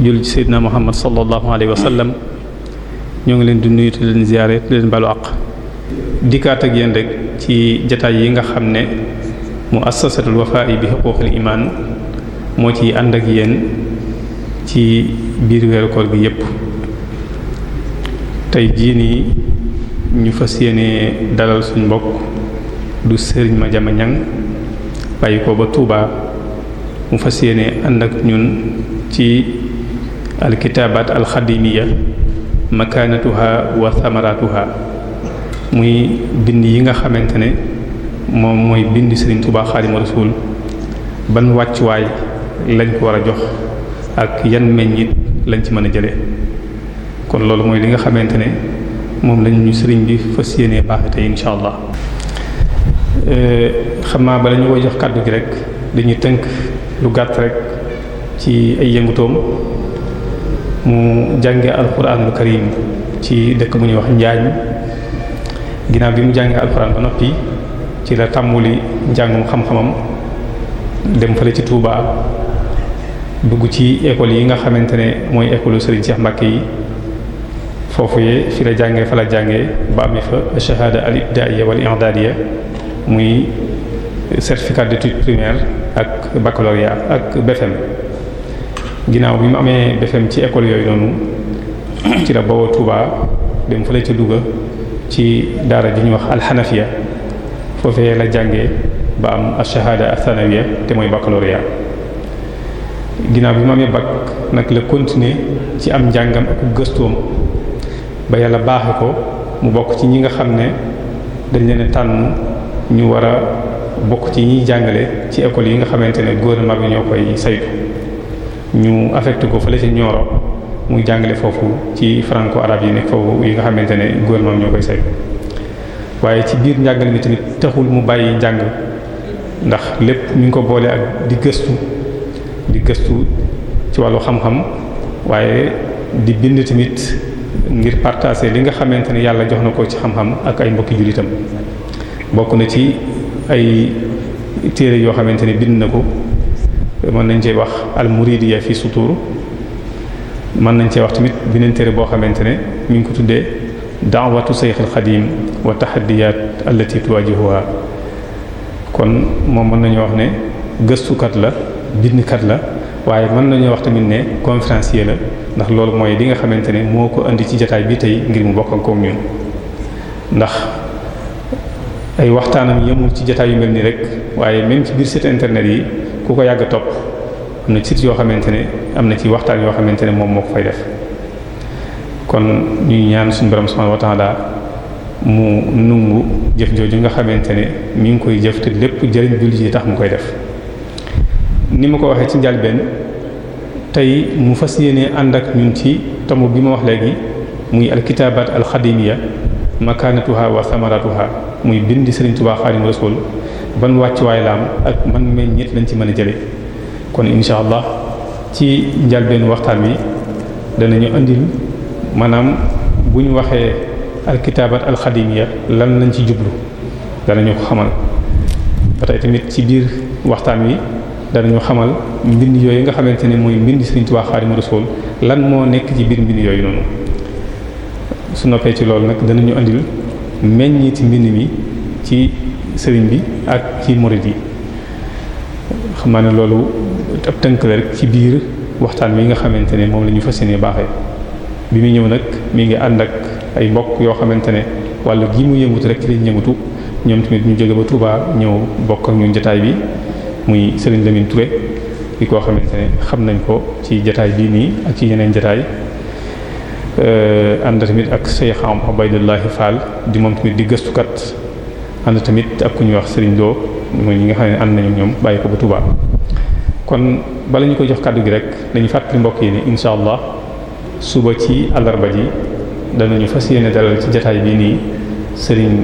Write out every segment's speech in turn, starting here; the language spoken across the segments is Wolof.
julli ci seydina muhammad sallallahu alayhi wa sallam ñoo ngi leen di nuyu te leen ziyaare te leen balu àq dikkaat ak rek ci jataay yi nga xam ne mu assasatul wafaa'i bi xuquuqil imaan moo ci ànd ak yéen ci biir weeru koor gi yépp tey jii nii ñu fas yéene dalal suñ mbokk du sëriñ ma jama ñan bàyyi ko ba tuubaa mu fas yéene ànd ak ñun ci alkitaabaat alxadimiya makaanatuha wa thamaratuha muy bind yi nga xamante ne moom mooy bind Sëriñ Tuubaa Xaadimu Rasuul ban wàccuwaay lañ ko war a jox ak yan meññit lañ ci mën a jëlee kon loolu mooy li nga xamante ne moom lañ ñu sëriñ bi fas yéenee baax tey incha allah euh, xam naa bala ñu koy jox kàddu gi rek dañuy tënk lu gàtt rek ci ay yëngutoom mu jàngee alquranul karim ci dëkk mu ñuy wax njaañ ginnaaw bi mu jàngee alquran ba noppi ci la tàmbuli mu xam-xamam dem fële ci Touba dugg ci école yi nga xamante ne mooy école Serigne Cheikh Mbacke yi foofu yee fi la jàngee fa la jàngee ba amee fa shahada al ibtidaiya wal i'dadiya muy certificat d'études primaires ak baccalauréat ak BFM e ginnaaw bi mu amee BFEM ci école yooyu noonu ci la bawoo Touba dem fële ca Louga ci daara ji ñuy wax alxanafiya foofee la jànge ba am ashahada athanawiya te mooy baccalauréat ginnaaw bi mu amee bac nag la continuer ci am njàngam ak gëstoom ba yàlla baaxe ko mu bokk ci ñi nga xam ne dañ leen tànn ñu war a bokk ci ñiy jàngale ci école yi nga xamante ne góor gouvernement bi ñoo koy saytu ñu affecté ko fële ci Nioro mu jàngale foofu ci franco arabe yi ne foofu yi nga xamante ne gouvernement ñoo koy saytu waaye ci biir njàngale mi tamit taxul mu bàyyi njàng ndax lépp ñu ngi ko boole ak di gëstu di gëstu ci wàllu xam-xam waaye di bind tamit ngir partager li nga xamante ne yàlla jox na ko ci xam-xam ak ay mbokki jullitam bokk na ci ay téere yoo xamante ne bind na ko. mën nañ cee wax al muridiya fi sutur mën nañ cee wax tamit beneen téere boo xamante ne mi ngi ko tuddee da'watu Seex al Xadiim wa tahaddiyat allati tuwajihuha kon moom mën nañu wax ne gëstukat la bindkat la waaye mën nañu wax tamit ne conférencier la ndax loolu mooy li nga xamante ne moo ko indi ci jataay bi tey ngir mu bokk ak koog ndax ay waxtaanam yemul ci jataay yu mel nii rek waaye même ci biir site internet yi ku ko yàgg topp am na sit yoo xamante ne am na ci waxtaan yoo xamante ne moom moo ko fay def kon ñuy ñaan suñ borom subhanahu wa ta'ala mu nungu jëf jooju nga xamante ne mi ngi koy jëf te lépp jëriñ jullit yi tax mu koy def ni ma ko waxee ci njalbeen tey mu fas yéene ànd ak ñun ci tamu bi ma wax léegi muy alkitaabaat alxadimiya makaanatuha wa samaratuha muy bind Sëriñ Tuubaa Xaadimu Rasuul ban wàccuwaay la am ak man meññit lañ ci mën a jële kon incha allah ci njalbeenu waxtaan wi danañu andil maanaam bu ñu waxee alkitaabat alxadimiya lan lañ ci jublu danañu ko xamal ba tey tamit ci biir waxtaan wi danañu xamal mbind yooyu nga xamante ne mooy mbind Sëriñ Tuubaa Xaadimu Rasuul lan moo nekk ci biir mbind yooyu noonu su noppee ci loolu nag danañu andil meññiti mbind mi ci sëriñ bi ak ci murid yi xam naa ne loolu ab tënk rek ci biir waxtaan wi nga xamante ne moom la ñu fas yéene baaxee bi muy ñëw nag mi ngi ànd ak ay mbokk yoo xamante ne wàllu gi mu yëngutu rek ñoom tamit ñu jóge ba Touba ñëw bokk ak ñun jotaay bi muy sëriñ Lamine Touré di koo xamante ne xam nañ ko ci jotaay bii nii ak ci yeneen jataay ànd tamit ak Cheikh Abdoullahi Fall di moom tamit di gëstukat ànd tamit ak ku ñu wax Serigne Lo mooy ñi nga xam ne ànd nañu ñoom bàyyi ko ba Touba. kon bala ñu koy jox kàddu gi rek dañu fàttali mbokk yi ne incha suba ci àllarba ji danañu fas yéene dalal ci jataay bii nii Serigne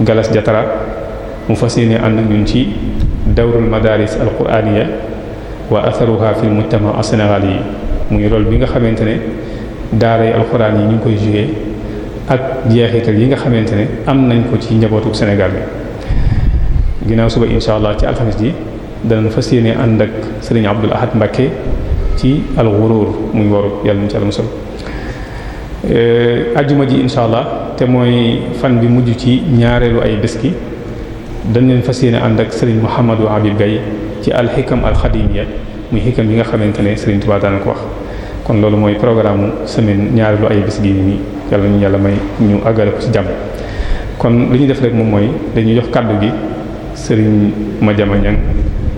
Galas Jatara mu fas yéene ànd ak ñun ci dawrul madaris alquraniya wa atharuha fil mujtama as-sénégal yi muy rôle bi nga xamante ne daara yi alquran yi ñu ngi koy jugé ak jeexital yi nga xamante ne am nañ ko ci njabootu Sénégal bi ginnaaw suba incha allah ci alxamis ji dana fas yéene ànd ak sëriñ Abdul ci alxuruur muy yàlla ñu ci àlmusal eh, ajjuma ji incha allah te mooy fan bi mujj ci ñaareelu ay bés gi dañ fas yéene ànd ak sëriñ Mouhamadou Habib Gaye ci alxikam alxadimiya muy xikam yi nga xamante ne sëriñ Tuubaa daana ko wax kon loolu mooy programme semaine ñaareelu ay bis gi nii. yàlla nañu yàlla may ñu àggale ko ci jàmm kon li ñu def rek moom mooy dañuy jox kàddu gi sëriñ Madiama Niang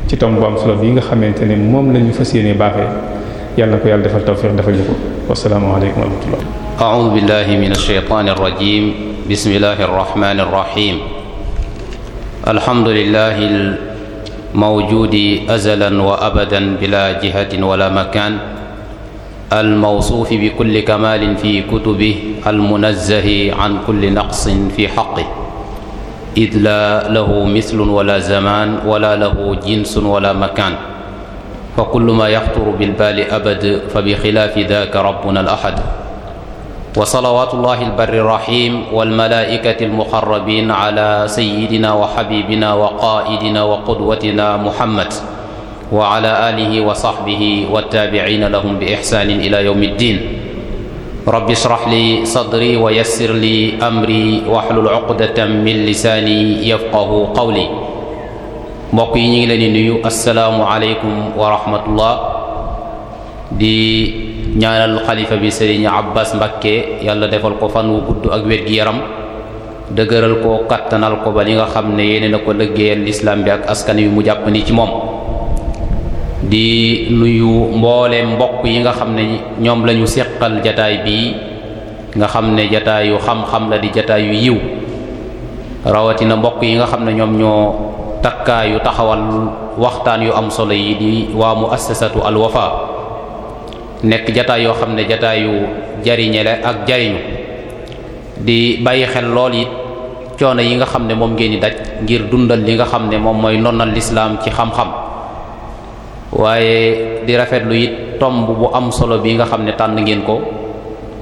ci tomb bu am bi nga xamante ne moom la ñu fas yéene baaxee yàlla ko yàlla defal tawfiq defal ñu ko wasalaamaaleykum wa rahmatullah a'udhu billahi minash shaitanir rajim bismillahir rahmanir rahim alhamdulillahil mawjudi wa abadan makan الموصوف بكل كمال في كتبه المنزه عن كل نقص في حقه إذ لا له مثل ولا زمان ولا له جنس ولا مكان فكل ما يخطر بالبال أبد فبخلاف ذاك ربنا الأحد وصلوات الله البر الرحيم والملائكة المقربين على سيدنا وحبيبنا وقائدنا وقدوتنا محمد wa ala alihi wa sahbihi wa taabiciina lahum bi ixsaanin ila yawmi ddin rabbi shrah li sadri wa yassir li amri wahlul uqdatan min lisaani yafqahu qawli mbokk yi ñu ngi leen di nuyu asalaamu aleykum wa rahmatullah di ñaanal xalifa bi ña Abbas Mbakke yàlla defal ko fan wu gudd ak wér gi yaram dëgëral ko kattanal ko ba li nga xam ne yéene na ko lëggéeyal lislaam bi ak askan wi mu jàpp ni ci moom di nuyu mboole mbokk yi nga xam ne ñoom lañu ñu jataay bii nga xam ne jataayu xam-xam la di jataay yu yiw rawatina mbokk yi nga xam ne ñoom ñoo takkaayu taxawal waxtaan yu am solo yi di waa muassasatu al wafa nekk jataay yoo xam ne jataayu jariñe ak jariñu di bàyyi xel lool yi coono yi nga xam ne moom ngeen di daj ngir dundal li nga xam ne moom mooy nonnal lislaam ci xam-xam waaye di rafetlu it tomb bu am solo bi nga xam ne tànn ngeen ko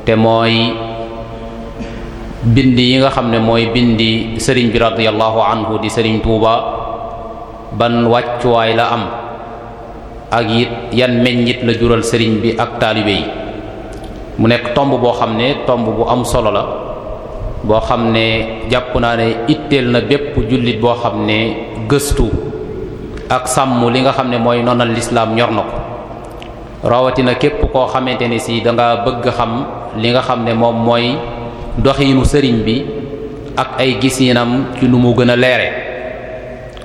te mooy bind yi nga xam ne mooy bindi sëriñ bi radiyallahu anhu di sëriñ Tuuba ban wàccuwaay la am ak it yan meññit la jural sëriñ bi ak taalibe yi mu nekk tomb boo xam ne tomb bu am solo la boo xam ne jàpp naa ne itteel na bépp jullit boo xam ne gëstu ak sàmm li nga xam ne mooy nonal lislaam ñor na ko rawatina képp koo xamante ne si danga nga bëgg xam li nga xam ne moom mooy doxiinu sëriñ bi ak ay gisinam ci lu mu gën a leere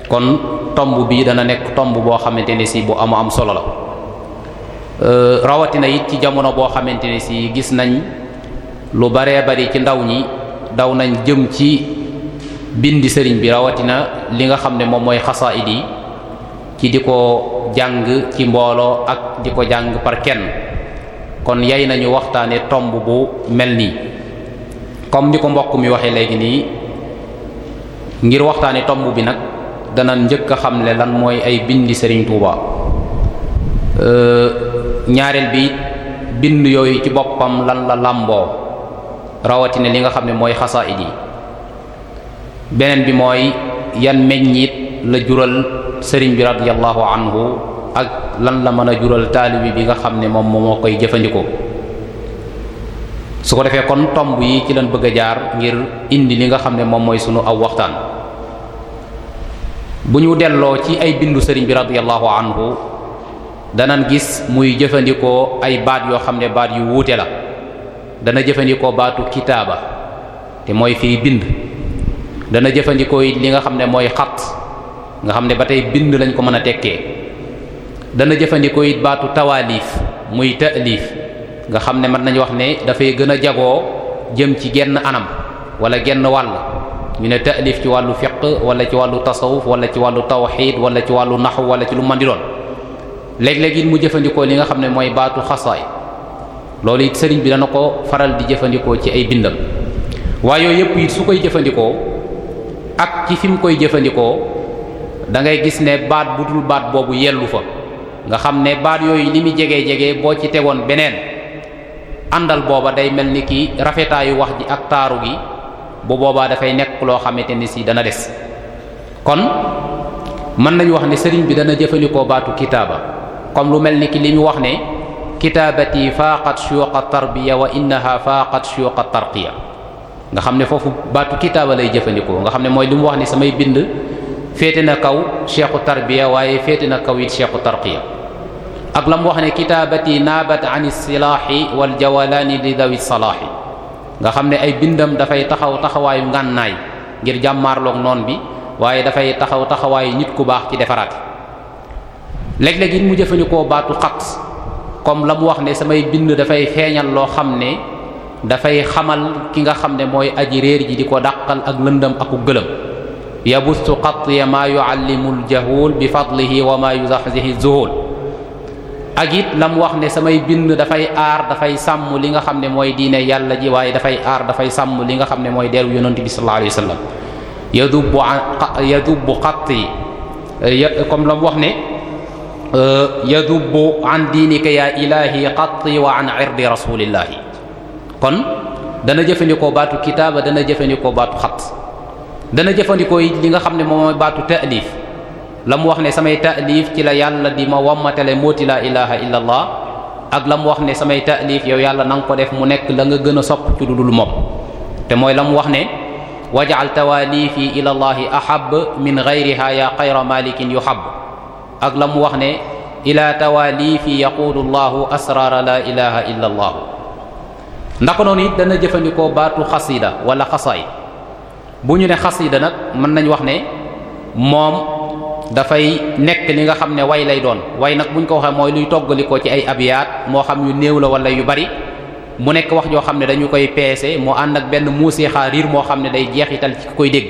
kon tomb bi dana nekk tomb boo xamante ne si bu amu am solo la euh, rawatina it ci jamono boo xamante ne si gis nañ lu baree bari ci ndaw ñi daw nañ jëm ci bindi sëriñ bi rawatina li nga xam ne moom mooy xasaayid yi ci di ko jàng ci mbooloo ak di ko jàng par kenn kon yay nañu waxtaane tomb bu mel nii comme ni ko mbokk mi waxee léegi nii ngir waxtaane tomb bi nag dana njëkk a xam ne lan mooy ay bind Serigne Touba ñaareel bi bind yooyu ci boppam lan la làmboo rawatina li nga xam ne mooy xasaayid yi beneen bi mooy yan meññit la jural sëriñ bi radiyallahu anhu ak lan la mën a jural taalibi bi nga xam ne moom moo koy jëfandikoo su ko defee kon tomb yi ci lañ bëgg a jaar ngir indi li nga xam ne moom mooy sunu aw waxtaan bu ñu delloo ci ay bindu sëriñ bi radiyallahu anhu danan gis muy jëfandikoo ay baat yoo xam ne baat yu wuute la dana jëfandikoo baatu kitaaba te mooy fii bind dana jëfandikoo it li nga xam ne mooy xat nga xam ne ba tey bind lañ ko mën a tekkee dana jëfandikoo it baatu tawaalif muy taalif nga xam ne man nañu wax ne dafay gën a jagoo jëm ci genn anam wala genn wàll ñu ne taalif ci wàllu fiq wala ci wàllu tasawuf wala ci wàllu tawxiid wala ci wàllu naxw wala ci lu mën di doon léeg mu jëfandikoo li nga xam ne mooy baatu xasaay loolu it sëriñ bi dana ko faral di jëfandikoo ci ay bindam waaye yooyu yëpp su koy jëfandikoo ak ci fi mu koy da ngay gis ne baat bu dul baat boobu yellu fa nga xam ne baat yooyu li mu jege-jege boo ci tegoon beneen àndal booba day mel ni kii rafetaayu wax ji ak taaru gi bu boobaa dafay nekk loo xamante ni si dana des kon mën nañu wax ne sëriñ bi dana jëfandikoo baatu kitaaba comme lu mel ni ki li ñu wax ne kitaabati faaqat suyuqa tarbiya wa innaha faaqat suyuqa tarqiya nga xam ne foofu baatu kitaaba lay jëfandikoo nga xam ne mooy li mu wax ne samay bind féete na kaw cheikhu tarbiya waaye féete na kaw it cheikhu tarqiya ak la mu wax ne kitaabati naabat an silaahi wal jawalaani li dawi salaahi nga xam ne ay bindam dafay taxaw taxawaayu ngànnaay ngir jàmmaarloog noon bi waaye dafay taxaw taxawaayu nit ku baax ci defaraate léeg-léeg it mu jëfandikoo baatu xat comme la mu wax ne samay bind dafay feeñal loo xam ne dafay xamal ki nga xam ne mooy aji réer ji di ko dàqal ak lëndam aku gëlëm maa يبث قطي ما يعلم الجهول بفضله وما يزحزح الذهول ak it la mu wax ne samay bind dafay aar dafay sàmm li nga xam ne mooy diine yàlla ji waaye dafay aar dafay sàmm li nga xam ne mooy deru yonent bi sallallahu alayhi wa sallam yadubbu yadubbu qatti comme la mu wax ne euh, yadubbu an diinika yaa wa an irdi rasulillahi kon dana jëfandikoo baatu kitaaba dana jëfandikoo baatu xat dana jëfandikoo it li nga xam ne moom mooy baatu taalif la mu wax ne samay taalif ci la yàlla di ma wammatale mooti laa ilaha illa ak la mu wax ne samay taalif yow yàlla na ko def mu nekk la nga gën a sopp ci lu dul moom te mooy la mu wax ne wajal tawaalifi ila llahi min gayriha ya xayra malikin yuhab ak la mu wax ne ila tawaalifi yaquulu llahu asraara la ilaha illa ndaka noonu it dana jëfandikoo baatu xasida wala xasaay bu ñu ne yi da nag mën nañu wax ne moom dafay nekk li nga xam ne way lay doon way nag buñ ko waxee mooy luy toggalikoo ci ay abiyaat moo xam yu néew la wala yu bari mu nekk wax joo xam ne dañu koy peese moo ànd ak benn muusixa riir moo xam ne day jeexital ci ku koy dégg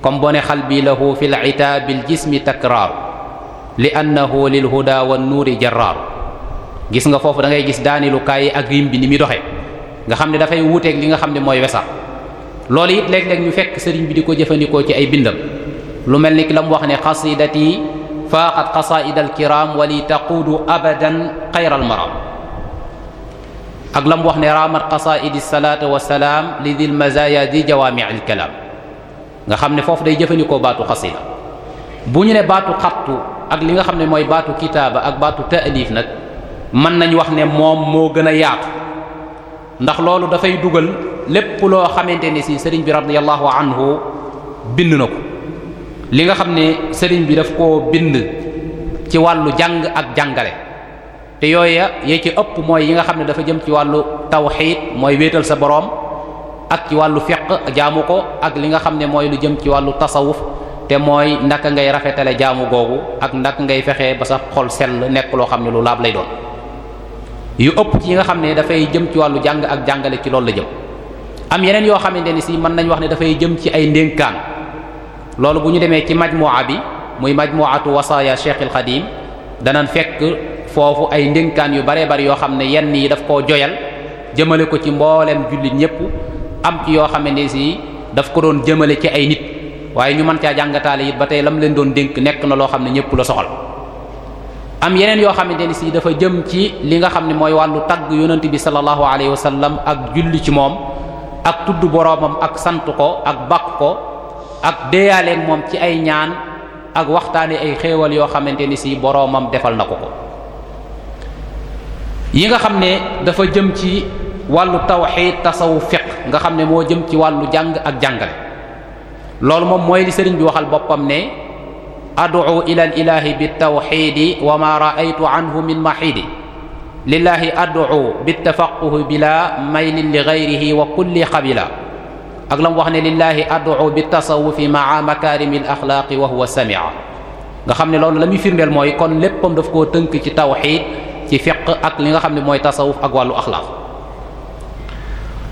comme boo ne xalbi lahu fi l itaabil jismi takraaru li annahu lil huda wa nuuri jarraaru gis nga foofu da ngay gis daanilukaay yi ak rim bi ni muy doxee nga xam ne dafay wuuteeg li nga xam ne mooy wesa loolu it léeg-léeg ñu fekk sëriñ bi di ko jëfandikoo ci ay bindam lu mel ni ki la mu wax ne xasidati faaxat xasaid alkiram wali taquudu abadan xayral maram ak la wax ne raamat xasaidi salaata wa salaam li dil mazaya di jawaami al kalaam nga xam ne foofu day jëfandikoo baatu xasida bu ñu ne baatu xattu ak li nga xam ne mooy baatu kitaaba ak baatu taalif nag mën nañu wax ne moom moo gën a yaatu ndax loolu dafay dugal lépp loo xamante ni si sëriñ bi radiyallahu anhu bind na ko li nga xam ne sëriñ bi daf koo bind ci wàllu jàng ak jàngale te yooya yee ci ëpp mooy yi nga xam ne dafa jëm ci wàllu tawxiid mooy wéetal sa boroom ak ci wàllu fiq jaamu ko ak li nga xam ne mooy lu jëm ci wàllu tasawuf te mooy ndaka ngay rafetale jaamu googu ak ndaka ngay fexee ba sa xol sell nekk loo xam ne lu laab lay doon yu ëpp ci yi nga xam ne dafay jëm ci wàllu jàng ak jàngale ci loolu la jëm am yeneen yoo xamante ni si mën nañu wax ne dafay jëm ci ay ndénkaan loolu bu ñu demee ci majmuwa bi muy majmuwatu wasaaya Cheikh al Xadim dana fekk foofu ay ndénkaan yu baree bari yoo xam ne yenn yi daf koo joyal jëmale ko ci mbooleem jullit ñépp am ci yoo xamante ne si daf ko doon jëmale ci ay nit waaye ñu mën caa jàngataale it ba tey lam leen doon dénk nekk na loo xam ne ñépp la soxal am yeneen yoo xamante ni si dafa jëm ci li nga xam ne mooy wàllu tagg yonent bi sallallahu alayhi wa sallam ak julli ci moom ak tudd boroomam ak sant ko ak bakk ko ak déeyaaleeg moom ci ay ñaan ak waxtaane ay xéewal yoo xamante ni si boroomam defal na ko ko yi nga xam ne dafa jëm ci wàllu tawxiid tasawuf fiq nga xam ne moo jëm ci wàllu jàng ak jàngale loolu moom mooy li sëriñ bi waxal boppam ne ad'u ila al ilahi bit tawxiidi wa ma ra'aytu anhu min maxiidi lillaahi ad'u bittafaquhi bila maylin li gayrihi wa kulli xabila ak la mu wax ne lillaahi ad'u bittasawufi maa makaarimi l wa huwa samia nga xam ne loolu la muy firndeel mooy kon léppam daf koo tënk ci tawxiid ci fiq ak li nga xam ne mooy tasawuf ak wàllu axlaaq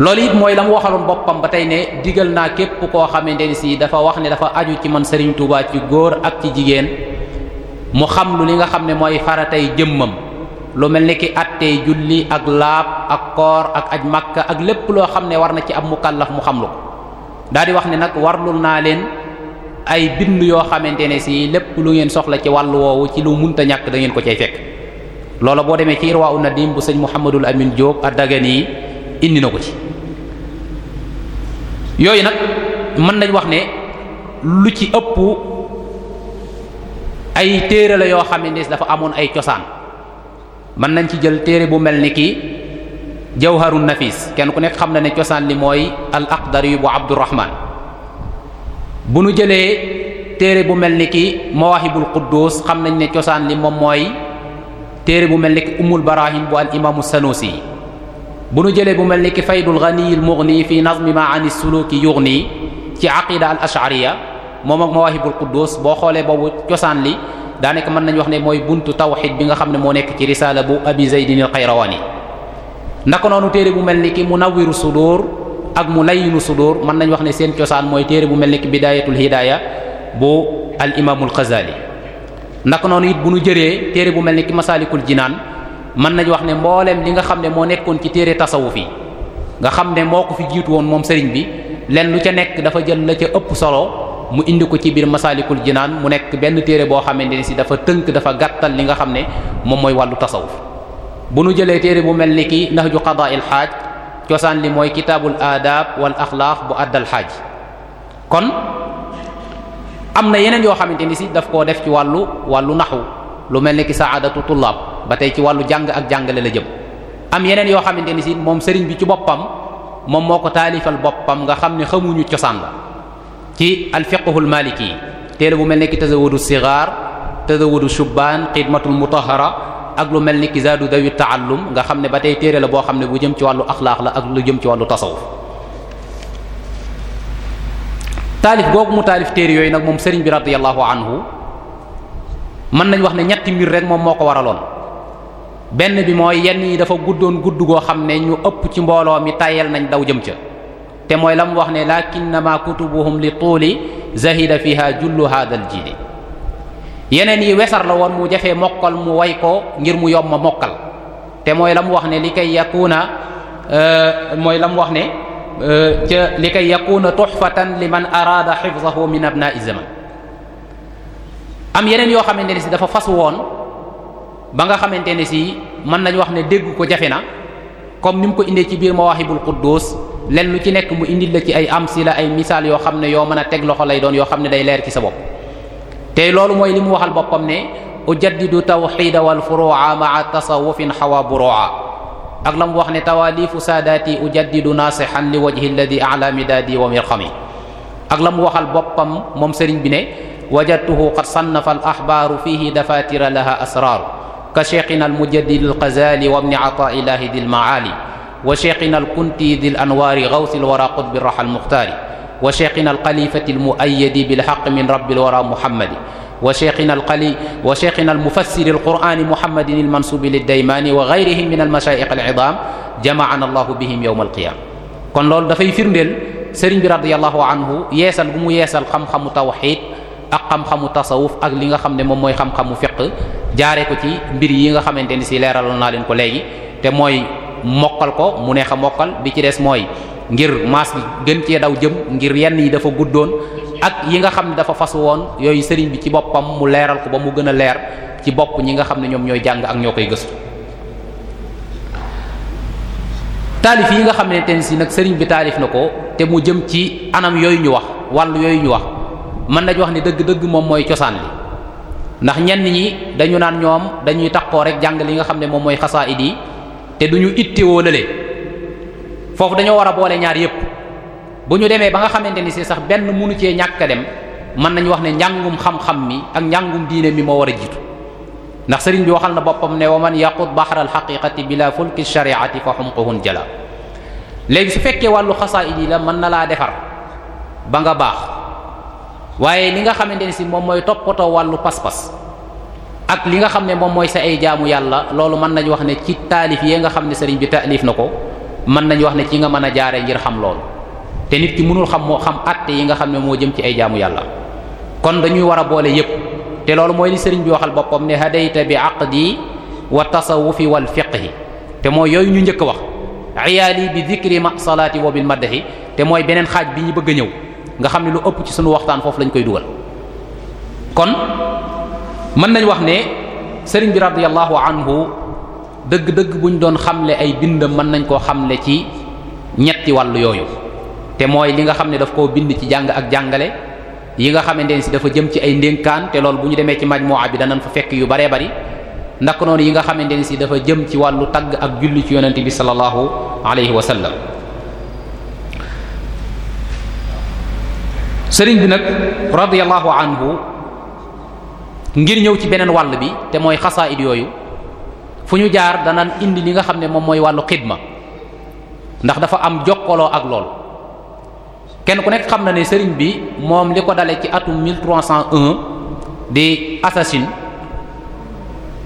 loolu it mooy la mu waxaloon boppam ba tey ne digal naa képp koo xamante ni si dafa wax ne dafa aju ci man sëriñ Touba ci góor ak ci jigéen mu xam lu li nga xam ne mooy faratay jëmmam lu mel ni ki attey julli ak laab ak koor ak aj makka ak lépp loo xam ne war na ci ab mukallaf mu xam lu ko daal di wax ne nag warlul naa leen ay bind yoo xamante ne si lépp lu ngeen soxla ci wàll woowu ci lu munta ñàkk da ngeen ko cay fekk loola boo demee ci irwaa u nadim bu sëñ Mouhamadul Amin Diop ak dagan yi indi na ko ci yooyu nag mën nañ wax ne lu ci ëpp ay téere la yoo xamante ne dafa amoon ay cosaan mën nañ ci jël téere bu mel ni ki jawharu nafis kenn ku nekk xam na ne cosaan li mooy al aqdari bu abdurahman bu nu jëlee téere bu mel ni ki mawahibul quddus xam nañ ne cosaan li moom mooy téere bu mel ni ki umul barahim bu al imaamu sanusi bu nu jëlee bu mel ni ki faydul ghaniyyil mughni fi nazmi ma ani suluki yughni ci aqida al ashariya moom ak mawahibul quddus boo xoolee boobu cosaan li daanaka mën nañu wax ne mooy buntu tawxid bi nga xam ne moo nekk ci risaala bu abi zaydin al qayrawaani naka noonu téere bu mel ni ki munawwiru sudur ak mu munayyinu sudur mën nañu wax ne seen cosaan mooy téere bu mel ni ki bidaayatul hidaaya bu al imaamul xazaali naka noonu it bu nu jëree téere bu mel ni ki masaalikul jinaan mën nañu wax ne mbooleem li nga xam ne moo nekkoon ci téere tasawuf yi nga xam ne moo ko fi jiitu woon moom sëriñ bi leen lu ca nekk dafa jël la ca ëpp solo mu indi ko ci biir masaalikul jinaan mu nekk benn téere boo xamante ne si dafa tënk dafa gàttal li nga xam ne moom mooy wàllu tasawuf bu nu jëlee téere bu mel ni ki nahju qadaa'il xaaj cosaan li mooy kitaabul aadaab wal axlaaq bu àddal xaaj kon am na yeneen yoo xamante ni si daf koo def ci wàllu wàllu naxu lu mel ni ki saadatu tullaab ba tey ci wàllu jàng ak jàngale la jëm am yeneen yoo xamante ni si moom sëriñ bi ci boppam moom moo ko taalifal boppam nga xam ne xamuñu cosaan la ci alfiqhul maliki téere bu mel ni ki tazawudu sigaar tazawudu shubbaan xidmatul mutahara ak lu mel ni ki zaadu dawi taallum nga xam ne ba tey téere la boo xam ne bu jëm ci wàllu axlaax la ak lu jëm ci wàllu tasawuf taalif googu mu taalif téere yooyu nag moom sëriñ bi radiyallahu anhu mën nañ wax ne ñetti mbir rek moom moo ko waraloon benn bi mooy yenn yi dafa guddoon gudd goo xam ne ñu ëpp ci mbooloo mi tayel nañ daw jëm ca te mooy la mu wax ne lakinnama kutubuhum li tuuli zahida fiha jullu hadal jili yeneen yi wesar la woon mu jafee mokkal mu way ko ngir mu yomb mokkal te mooy la mu wax ne li kay yakuna euh, mooy la mu wax ne euh, ca li kay yakuna tuhfatan liman arada hifzahu min abna'i zaman am yeneen yoo xamante ne si dafa fas woon ba nga xamante ne si mën nañu wax ne dégg ko jafe na comme ni mu ko indee ci biir mawahibul quddus lenn lu ci nekk mu indil la ci ay amsila ay misaal yoo xam ne yoo mën a teg lay doon yoo xam ne day leer ci sa bopp te loolu mooy li mu waxal boppam ne ujaddidu tawxida wal furu'a ma'a tasawufin xawa buru'a ak la mu wax ne tawaalifu saadaati ujaddidu naasixan li wajhi alladi ala midaadi wa mirqami ak la mu waxal boppam moom sëriñ bi ne wajadtuhu qad sannafa al axbaaru fihi dafatira laha asraar ka cheikhina al mujaddid al ghazali wa ibni ataillahi dil maali wa cheikhina alkunti di l anwaari gawsi lwara qutbi raxa almuxtaari wa cheikhina alxalifati almuayyadi bilxaq min rabbi lwara muhammadi wa cheikhina alqali wa cheikhina almufassiri alqurani muhammadin almansuubi liddaymani wa gayrihim min almashaayix alcidaam jamaana allahu bihim yowma alqiyaama kon loolu dafay firndeel sëriñ bi radiallahu anhu yeesal bu mu yeesal xam-xamu tawxid ak xam-xamu tasawuf ak li nga xam ne moom mooy xam-xamu fiq jaare ko ci mbir yi nga xamante ni si leeraloon naa leen ko léegi te mooy mokkal ko mu neex a mokkal bi ci des mooy ngir maas bi gën cee daw jëm ngir yenn yi dafa guddoon ak yi nga xam ne dafa fasu woon yooyu sëriñ bi ci boppam mu leeral ko ba mu gën a leer ci bopp ñi nga xam ne ñoom ñooy jàng ak ñoo koy gëstu. taalif yi nga xam ne ten si nag sëriñ bi taalif na ko te mu jëm ci anam yooyu ñu wax wàll yooyu ñu wax mën nañu wax ni dëgg-dëgg moom mooy cosaan li ndax ñenn yi dañu naan ñoom dañuy takkoo rek jàng li nga xam ne moom mooy xasaayid yi te du ñu ittewoo lële foofu dañoo war a boole ñaar yépp bu ñu demee ba nga xamante ni si sax benn munu cee ñàkka dem mën nañu wax ne njàngum xam-xam mi ak njàngum diine mi moo war a jiitu ndax sëriñ bi waxal na boppam ne wa man yaqut bahra alxaqiqati bila fulki shariati fa xumquhun jala léegi su fekkee wàllu xasaayid yi la mën na laa defar ba nga baax waaye li nga xamante ni si moom mooy toppatoo wàllu pas-pas ak li nga xam ne moom mooy sa ay jaamu yàlla loolu mën nañu wax ne ci taalif yee nga xam ne sëriñ bi taalif na ko mën nañu wax ne ci nga mën a jaaree ngir xam loolu te nit ki mënul xam moo xam àtte yi nga xam ne moo jëm ci ay jaamu yàlla kon dañuy war a boole yépp te loolu mooy li sëriñ bi waxal boppam ne hadayta bi àq di wa tasawufi wal fiqhi te mooy yooyu ñu njëkk wax iyaali bi dikri ma salaati wa bil madhi te mooy beneen xaaj bi ñu bëgg a ñëw nga xam ne lu ëpp ci sunu waxtaan foofu lañ koy dugal mën nañu wax ne sëriñ bi radiyallahu anhu dëgg-dëgg buñ doon xamle ay bindam mën nañ koo xamle ci ñetti wàll yooyu te mooy li nga xam ne daf koo bind ci jàng ak jàngale yi nga xamante ne si dafa jëm ci ay ndénkaan te loolu bu ñu demee ci majmu'a bi danañ fa fekk yu baree bari ndax noonu yi nga xamante ne si dafa jëm ci wàllu tagg ak julli ci yonent bi sallallahu alayhi wa sallam sëriñ bi nag radiyallahu anhu ngir ñëw ci beneen wàll bi te mooy xasaayid yooyu fu ñu jaar dana indi li nga xam ne moom mooy wàllu xidma ndax dafa am jokkaloo ak lool kenn ku nekk xam na ne sëriñ bi moom li ko dale ci atum 1301 di assasine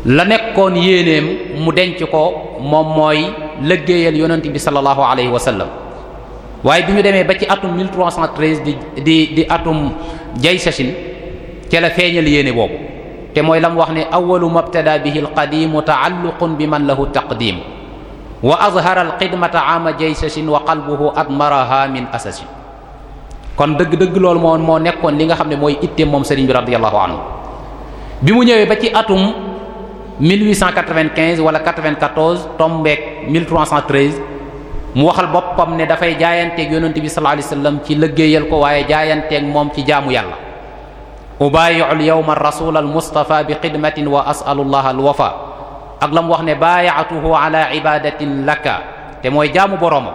la nekkoon yéeneem mu denc ko moom mooy lëggéeyal yonent bi sallallahu alayhi wa sallam waaye bi ñu demee ba ci atum 1313 di di di atum jay sasine ca la feeñal yéene boobu te mooy lam wax ne awalu mabtada bihi alqadimu taalluqun bi man lahu taqdimu wa azhara alxidmata ama jaysasin wa qalbuhu admaraha min asasin kon dëgg-dëgg loolu moo moo nekkoon li nga xam ne mooy itte moom sëriñ bi radiallahu anhu bi mu ñëwee ba ci atum 1895 wala 94 tombeek 1313 mu waxal boppam ne dafay jaayanteeg yonent bi sallallahu alayhi wasallam ci liggéeyal ko waaye jaayanteek moom ci jaamu yàlla ubaayiu lyawma rasula almustafa bi xidmatin wa asalu llah alwafa ak la mu wax ne baayaatuhu ala ibadatin laka te mooy jaamu boroomam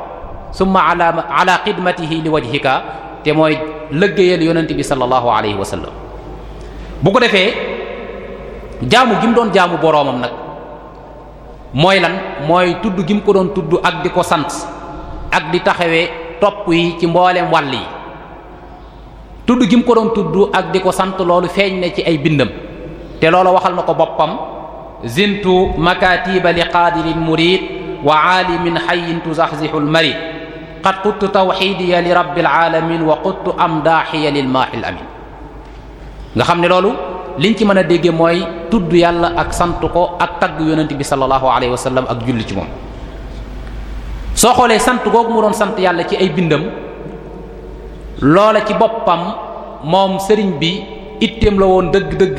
summa ala ala xidmatihi li te mooy lëggéeyal yonent bi sallallahu alayhi wa sallam bu ko defee jaamu gi doon jaamu boroomam nag mooy lan mooy tudd gi ko doon tudd ak di ko sant ak di taxawee topp ci mboolem wàll tudd gi ko doon tudd ak di ko sant loolu feeñ ne ci ay bindam te loolo waxal na ko boppam zintu makatiba li qaadirin murid wa aalimin xayin tuzaxzixu lmarid qad quttu tawxidiya li rabbil alamin wa quttu am daaxiya lil maahil amin nga xam ne loolu li ci mën a dégge mooy tudd yàlla ak sant ko ak tagg yonent bi sallallahu alayhi wa sallam ak julli ci moom soo xoolee sant googu mu doon sant yàlla ci ay bindam loola ci boppam moom sëriñ bi itteem la woon dëgg-dëgg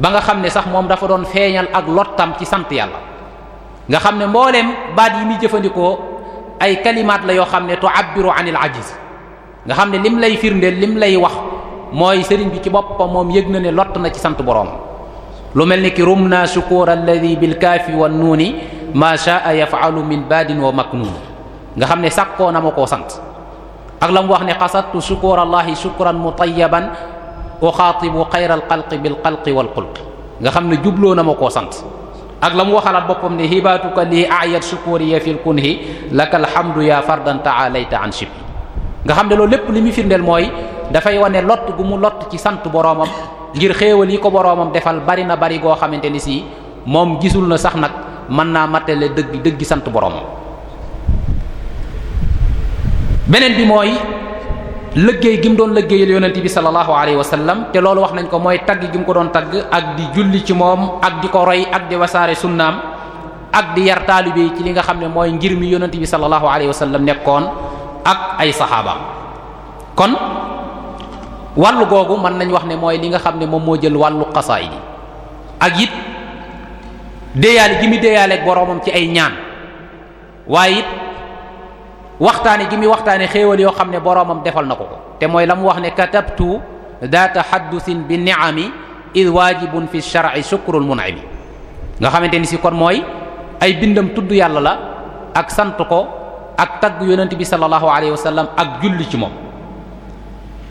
ba nga xam ne sax moom dafa doon feeñal ak lottam ci sant yàlla nga xam ne mbooleem baat yi muy jëfandikoo ay kalimaat la yoo xam ne tu'abbiru anil ajiz nga xam ne lim lay firndeel lim lay wax mooy sëriñ bi ci boppam moom yëg na ne lott na ci sant borom lu mel ni ki rum naa sukuur alladi bilkaafi wa nuuni ma shaa yafalu min baadin wa maknuun nga xam ne sàkkoo na ma koo sant ak la mu wax ne xasattu sukuurallahi sukran mutayaban uxaatibu xayra alxalqi bilxalqi walxulqi nga xam ne jubloo na ma ko sant ak la mu waxalaat boppam ne hibaatuka lii ayat sukuuriya fil kunhi laka alhamdu ya fardan taalayta an nga xam ne loolu lépp li muy firndeel mooy dafay wane lott gu mu lott ci sant boroomam ngir xéewal yi ko boroomam defal bari na bari goo xamante ni si moom gisul na sax nag mën naa matale dëgg dëgg sant boroomam beneen bi mooy lëggéey gi mu doon lëggéeyal yonent bi sallallahu alayhi wa sallam te loolu wax nañ ko mooy tagg gi mu ko doon tagg ak di julli ci moom ak di ko roy ak di wasaare sunnaam ak di yar taalibe ci li nga xam ne mooy ngir mi yonent bi sallallahu alayhi wa sallam nekkoon ak ay saxaabaam kon wàllu googu mën nañu wax ne mooy li nga xam ne moom moo jël wàllu xasaay yi ak it déeyaale gi mu déeyaaleeg boroomam ci ay ñaan waaye it waxtaane gi muy waxtaane xéewal yoo xam ne boroomam defal na ko te mooy la mu wax ne katabtu daa tahaddusin bi niami id waajibun fi shar'i sukrul mun'imi nga xamante ni si kon mooy ay bindam tuddu yàlla la ak sant ko ak tagg yonent bi sallallahu alayhi wa sallam ak julli ci moom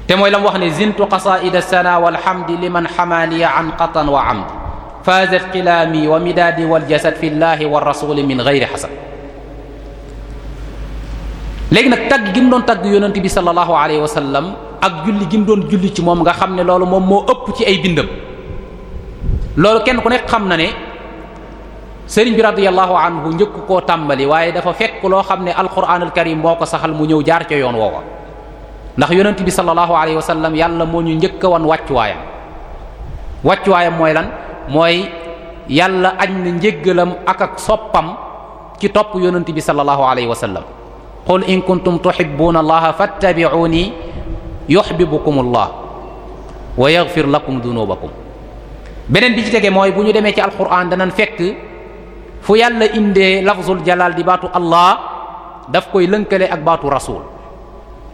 te mooy la mu wax ne zintu qasaida sana walhamdi liman xamaaniya an qatan wa amd faazat qilaami wa midaadi waljasad fi llahi wa rasuli min gayri xasan léegi nag tagg gi mu doon tagg yonent bi sallallahu alayhi wa sallam ak julli gi mu doon julli ci moom nga xam ne loolu moom moo ëpp ci ay bindam loolu kenn ku nekk xam na ne sëriñ bi radiyallahu anhu njëkk koo tàmbali waaye dafa fekk loo xam ne alquranul karim moo ko saxal mu ñëw jaar ca yoon woowa ndax yonent bi sallallahu alayhi wa sallam yàlla moo ñu njëkk a wan wàccuwaayam wàccuwaayam mooy lan mooy yàlla añ na njéggalam ak ak soppam ci topp yonent bi sallallahu alayhi qul in kuntum tuhibbuuna allaha fattabi'uuni yuhibbukum allah wa yaghfir lakum dunubakum beneen bi ci tege mooy bu ñu demee ci alquran danan fekk fu yàlla indee lafzul jalal di baatu allah daf koy lënkale ak baatu rasul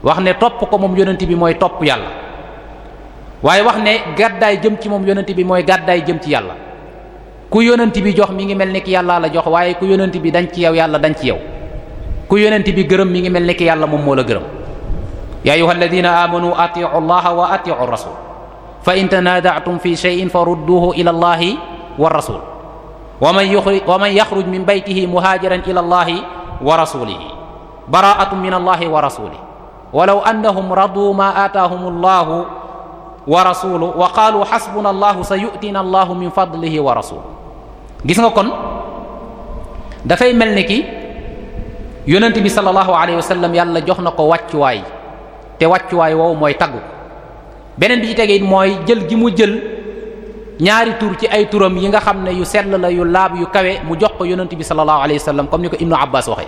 wax ne topp ko moom yonent bi mooy topp yàlla waaye wax ne gàddaay jëm ci moom yonent bi mooy gàddaay jëm ci yàlla ku yonent bi jox mi ngi mel ni yàllaa la jox waaye ku yonent bi dañ ci yow yàlla dañ ci yow ku yonent bi gërëm mi ngi mel ni ki yàlla moom moo la gërëm yaa ayyuha alladina amanu atiu allaha wa atiu rasul fa in tanadatum fi cheyin fa rudduhu ila allahi wa rasul wa man yuxrij wa man yaxruj min baytihi muhaajiran ila allahi wa rasulihi baraatun min allahi wa rasulihi walaw annahum radu ma aataahum allahu wa rasuluhu wa qaalu xasbuna allahu sa yu'tina allahu min fadlihi wa rasuluhu gis nga kon dafay yonent bi sallallahu alayhi wa sallam yàlla jox na ko wàccuwaay te wàccuwaay woowu mooy taggu beneen bi ci tege it mooy jël ji mu jël ñaari tur ci ay turam yi nga xam ne yu sell la yu laab yu kawe mu jox ko yonent bi sallallahu alayhi wa sallam comme ni ko ibnu abbas waxee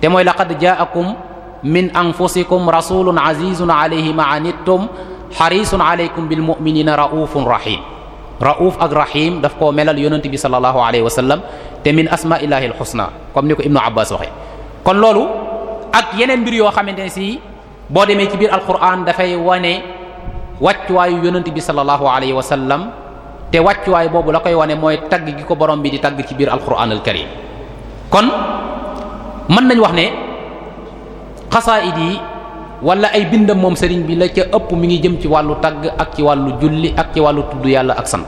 te mooy laqad jaakum min anfusikum rasulun azizun alayhi ma anittum xarisun aleykum bil muminina raufun rahim rauf ak rahim daf koo melal yonent bi sallallahu alayhi wa sallam te min asmaillahi alxusna comme ni ko ibnu abbas kon loolu ak yeneen mbir yoo xamante ne si boo demee ci biir alquran dafay wane wàccuwaayu yonent bi sallallahu alayhi wa sallam te wàccuwaay boobu la koy wane mooy tagg gi ko borom bi di tagg ci biir alquran karim kon mën nañ wax ne xasaayid yi wala ay bindam moom sëriñ bi la ca ëpp mu ngi jëm ci wàllu tagg ak ci wàllu julli ak ci wàllu tudd yàlla ak sant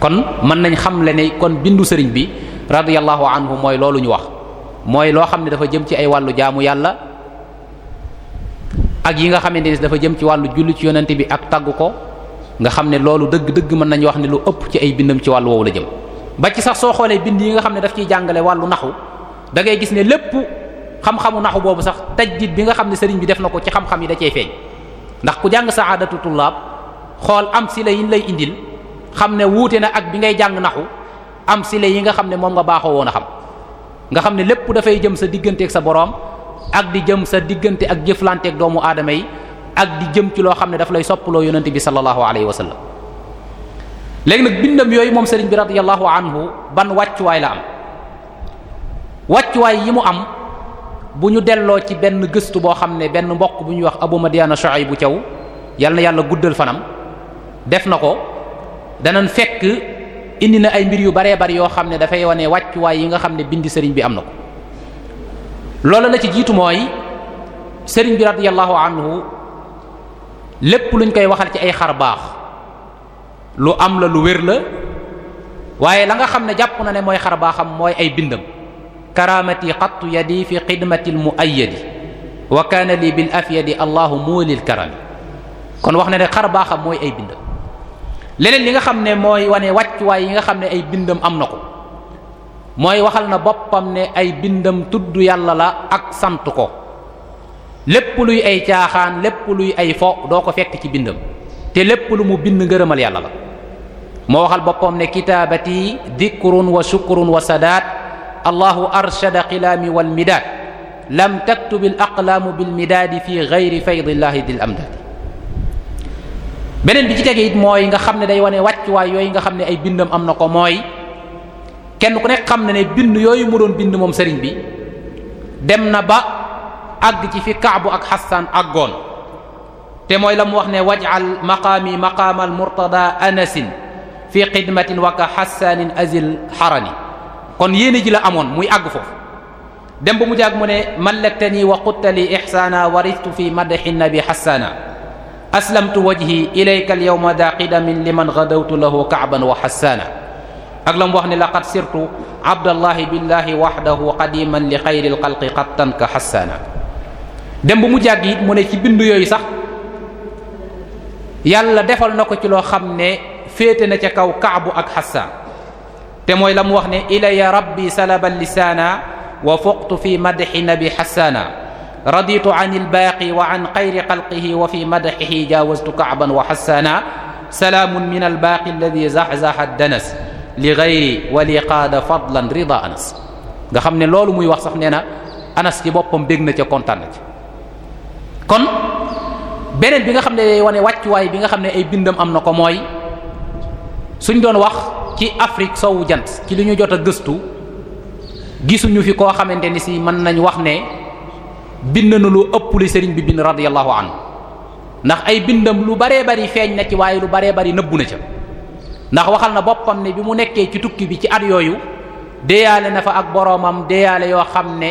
kon mën nañ xam le ne kon bindu sëriñ bi radiyallahu anhu mooy loolu ñu wax mooy loo xam ne dafa jëm ci ay wàllu jaamu yàlla ak yi nga xamante ni dafa jëm ci wàllu julli ci yonent bi ak tagg ko nga xam ne loolu dëgg-dëgg mën nañu wax ne lu ëpp ci ay bindam ci wàllu woowu la jëm ba ci sax soo xoolee bind yi nga xam ne dafa ciy jàngale wàllu naxu dangay gis ne lépp xam-xamu naxu boobu sax tajdiid bi nga xam ne sëriñ bi def na ko ci xam-xam yi da cee feeñ ndax ku jàng sa saadatu tullaab xool am si la yi lay indil xam ne wuute na ak bi ngay jàng naxu am si yi nga xam ne moom nga baaxoo woon a xam nga xam ne lépp dafay jëm sa digganteeg sa boroom ak di jëm sa diggante ak jëflanteeg doomu aadama yi ak di jëm ci loo xam ne daf lay soppaloo yonent bi sallallahu alayhi wa sallam léegi nag bindam yooyu moom sëriñ bi radiyallahu anhu ban wàccuwaay la am wàccuwaay yi mu am bu ñu delloo ci benn gëstu boo xam ne benn mbokk bu ñuy wax Abu Madiana Shuaybu Thiaw yal na yàlla guddal fanam def na ko danan fekk indi na ay mbir yu baree bari yoo xam ne dafay wane wàccuwaay yi nga xam ne bindi sëriñ bi am na ko loola la ci jiitu mooy sëriñ bi radiyallahu anhu lépp luñ koy waxal ci ay xar baax lu am la lu wér la waaye la nga xam ne jàpp na ne mooy xar baaxam mooy ay bindam karamati xattu yadi fi xidmati almuayyadi wa kaana li bil afyadi allahu muulil karami kon wax na ne xar baaxam mooy ay bindam leneen li nga xam ne mooy wane wàccuwaay yi nga xam ne ay bindam am na ko mooy waxal na boppam ne ay bindam tudd yàlla la ak sant ko lépp luy ay caaxaan lépp luy ay fo doo ko fekk ci bindam te lépp lu mu bind ngërëmal yàlla la moo waxal boppam ne kitaabati dikrun wa sukrun wa sadaat allahu arshada xilaami wal midaad lam taktubi al aqlaamu bil fi gayri faydillaahi dil amdaadi beneen bi ci tege it mooy nga xam ne day wane wàccuwaay yooyu nga xam ne ay bindam am na ko mooy kenn ku nekk xam ne ne bind yooyu mu doon bind moom sëriñ bi dem na ba àgg ci fi kaabu ak xassan àggoon te mooy la mu wax ne wajal maqaami maqaamal murtada anasin fi xidmatin wa ka xassanin azil xarani kon yéene jila amoon muy àgg foofu dem ba mu jàgg mu ne mallakta nii wa quttali ixsaana waristu fi madaxi nabi xassaana aslamtu wajhi ilayka al yawma daa liman gadawtu lahu kaaban wa xassaana ak la mu wax ne laqad sirtu abdallahi billahi waxdahu qadiman li xayri alxalqi qattan ka xassaana dem bu mu jàgg it mu ci bindu yooyu sax yàlla defal na ko ci loo xam ne féete na ca kaw kaabu ak xassaan te mooy la mu wax ne ilaya rabbi salaba lisaana wa fuqtu fi madxi nabi xassaana raditu an ilbaaqi wa an wa fi madaxihi jaawastu kaaban wa xassana salaamun min albaaqi alladi nga xam ne loolu muy wax sax nee na anas ci boppam bég na ca kontaan na kon beneen bi nga xam ne wane wàccuwaay bi nga xam ne ay bindam am na ko mooy suñ doon wax ci Afrique sow jant ci li ñu jot a gëstu gisuñu fi koo xamante ni si mën nañ wax ne bind na lu ëpp li sëriñ bi bind radiyallahu anhu ndax ay bindam lu baree bari feeñ na ci waaye lu baree bari nëbbu na ca ndax waxal na boppam ne bi mu nekkee ci tukki bi ci at yooyu déyaale na fa ak boroomam déyaale yoo xam ne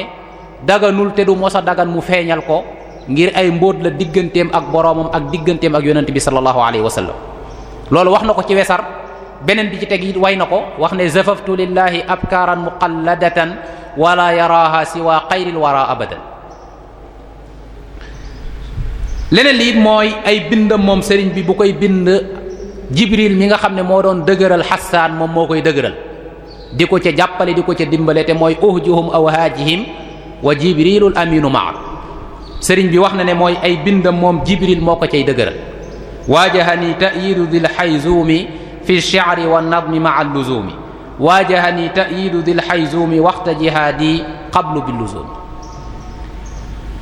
daganul te du mosa dagan mu feeñal ko ngir ay mbóot la digganteem ak boroomam ak digganteem ak yonent bi sallallahu alayhi wa sallam loolu wax na ko ci wesar beneen bi ci teg it way na ko wax ne zafaftu lillahi abkaaran muqalladatan wala yaraaha siwa xayril wara abadan leneen li mooy ay bindam moom sëriñ bi bu koy bind jibril mi nga xam ne moo doon dëgëral xasaan moom moo koy dëgëral di ko ca jàppale di ko ca dimbale te mooy uhjuhum aw haajihim wa jibrilul aminu maa sëriñ bi wax na ne mooy ay bindam moom jibril moo ko cay dëgëral waajahani tayidu dil xayzuumi fi shi'ri wa nadmi maa luzuumi waajahani tayidu dil xayzuumi waxta jihaadi qablu bi luzuumi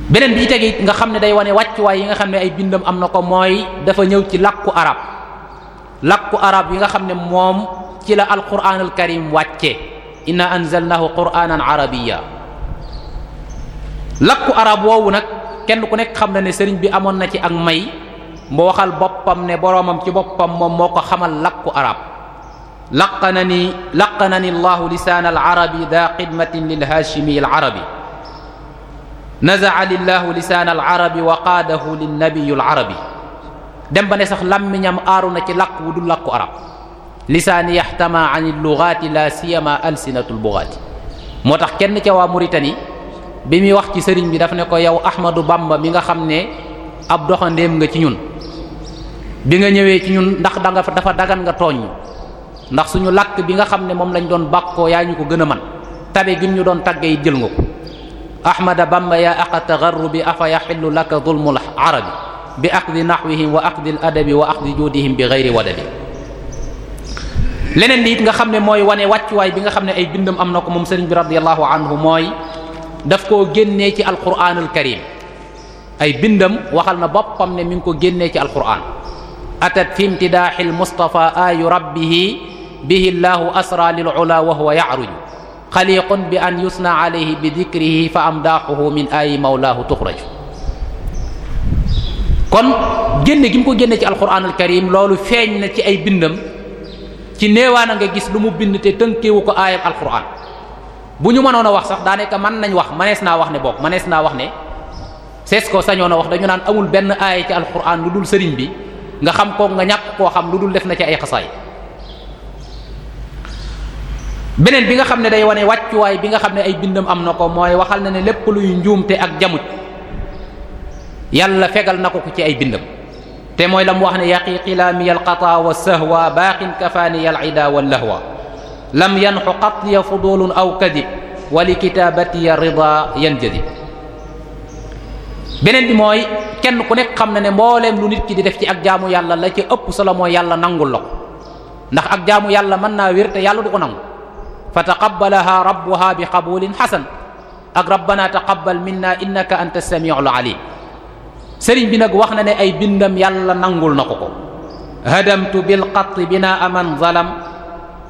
beneen bi ci tege it nga xam ne day wane wàccuwaay yi nga xam ne ay bindam am na ko mooy dafa ñëw ci làkku arab làkku arab yi nga xam ne moom ci la alquran al karim wàcce inna anzalnahu quranan arabiya làkku arab woowu nag kenn ku nekk xam na ne sëriñ bi amoon na ci ak may mu waxal boppam ne boroomam ci boppam moom moo ko xamal na làkku arab laqanani laqanani allahu lisaan al arabi da xidmatin lil haashimi al arabi nazaa lillahu lisaan alarabi wa qaadahu linnabiyu alarabi dem ba ne sax làmmiñam aaru na ci làkk wu du làkku arab lisaani yaxtama an illugaati la siyama alsinatu lbugaati moo tax kenn ca waa Mauritanie bi muy wax ci sëriñ bi dafa ne ko yow Ahmadu Bamba bi nga xam ne ab doxandéem nga ci ñun bi nga ñëwee ci ñun ndax danga dafa dagan nga tooñ ndax suñu làkk bi nga xam ne moom lañ doon bàkkoo yaa ñu ko gën a man tabe gi ñu doon tagge yi jël nga ko ahmada bamba yaa aqa tagarrubi afa yaxillu laka zulmul arabi bi axdi naxwihim wa axdi adabi wa axdi juudihim bi geyri wadabi leneen li nga xam ne mooy wane wàccuwaay bi nga xam ne ay bindam am na ko moom sëriñ bi radiallahu anhu mooy daf koo génnee ci alquranul karim ay bindam waxal na boppam ne mi ngi ko génnee ci alquran atat fi imtidaaxi lmustafa ayu rabbihi bihi llahu asra lil ula wa huwa yaaruju xaliqun bi an yusna alayhi bi dikrihi fa amdaaxuhu min ayi mawlaahu tuxraju kon génne gi mu ko génne ci alquranul karim loolu feeñ na ci ay bindam ci a nga gis lu mu bind te tënkewu ko aayam alquran bu ñu mënoon a wax sax daanaka mën nañ wax mënees naa wax ne boog mënees naa wax ne sees ko sañoon a wax dañu naan amul benn aaya ci alquran lu dul sëriñ bi nga xam ko nga ñàkk koo xam lu dul def na ci ay xasaay beneen bi nga xam ne day wane wàccuwaay bi nga xam ne ay bindam am na ko mooy waxal na ne lépp luy njuumte ak jamuj yàlla fegal na ko ci ay bindam te mooy la mu wax ne yaqi xilaamiya alqata wa sahwa baaqin kafaaniya alida wa lahwa lam yanxu qatliya fudulun aw kadib wa li kitaabatiya rida yanjadi beneen bi mooy kenn ku nekk xam na ne mbooleem lu nit ki di def ci ak jaamu yàlla la ci ëpp solo mooy yàlla nangul la ndax ak jaamu yàlla mën naa wér yàlla du ko fa taqabbalaha rabbuha bi qabulin xasan ak rabbana taqabbal minna innaka anta samiul alim sëriñ bi nag wax na ne ay bindam yàlla nangul na ko ko hadamtu bilqatti binaa man zalam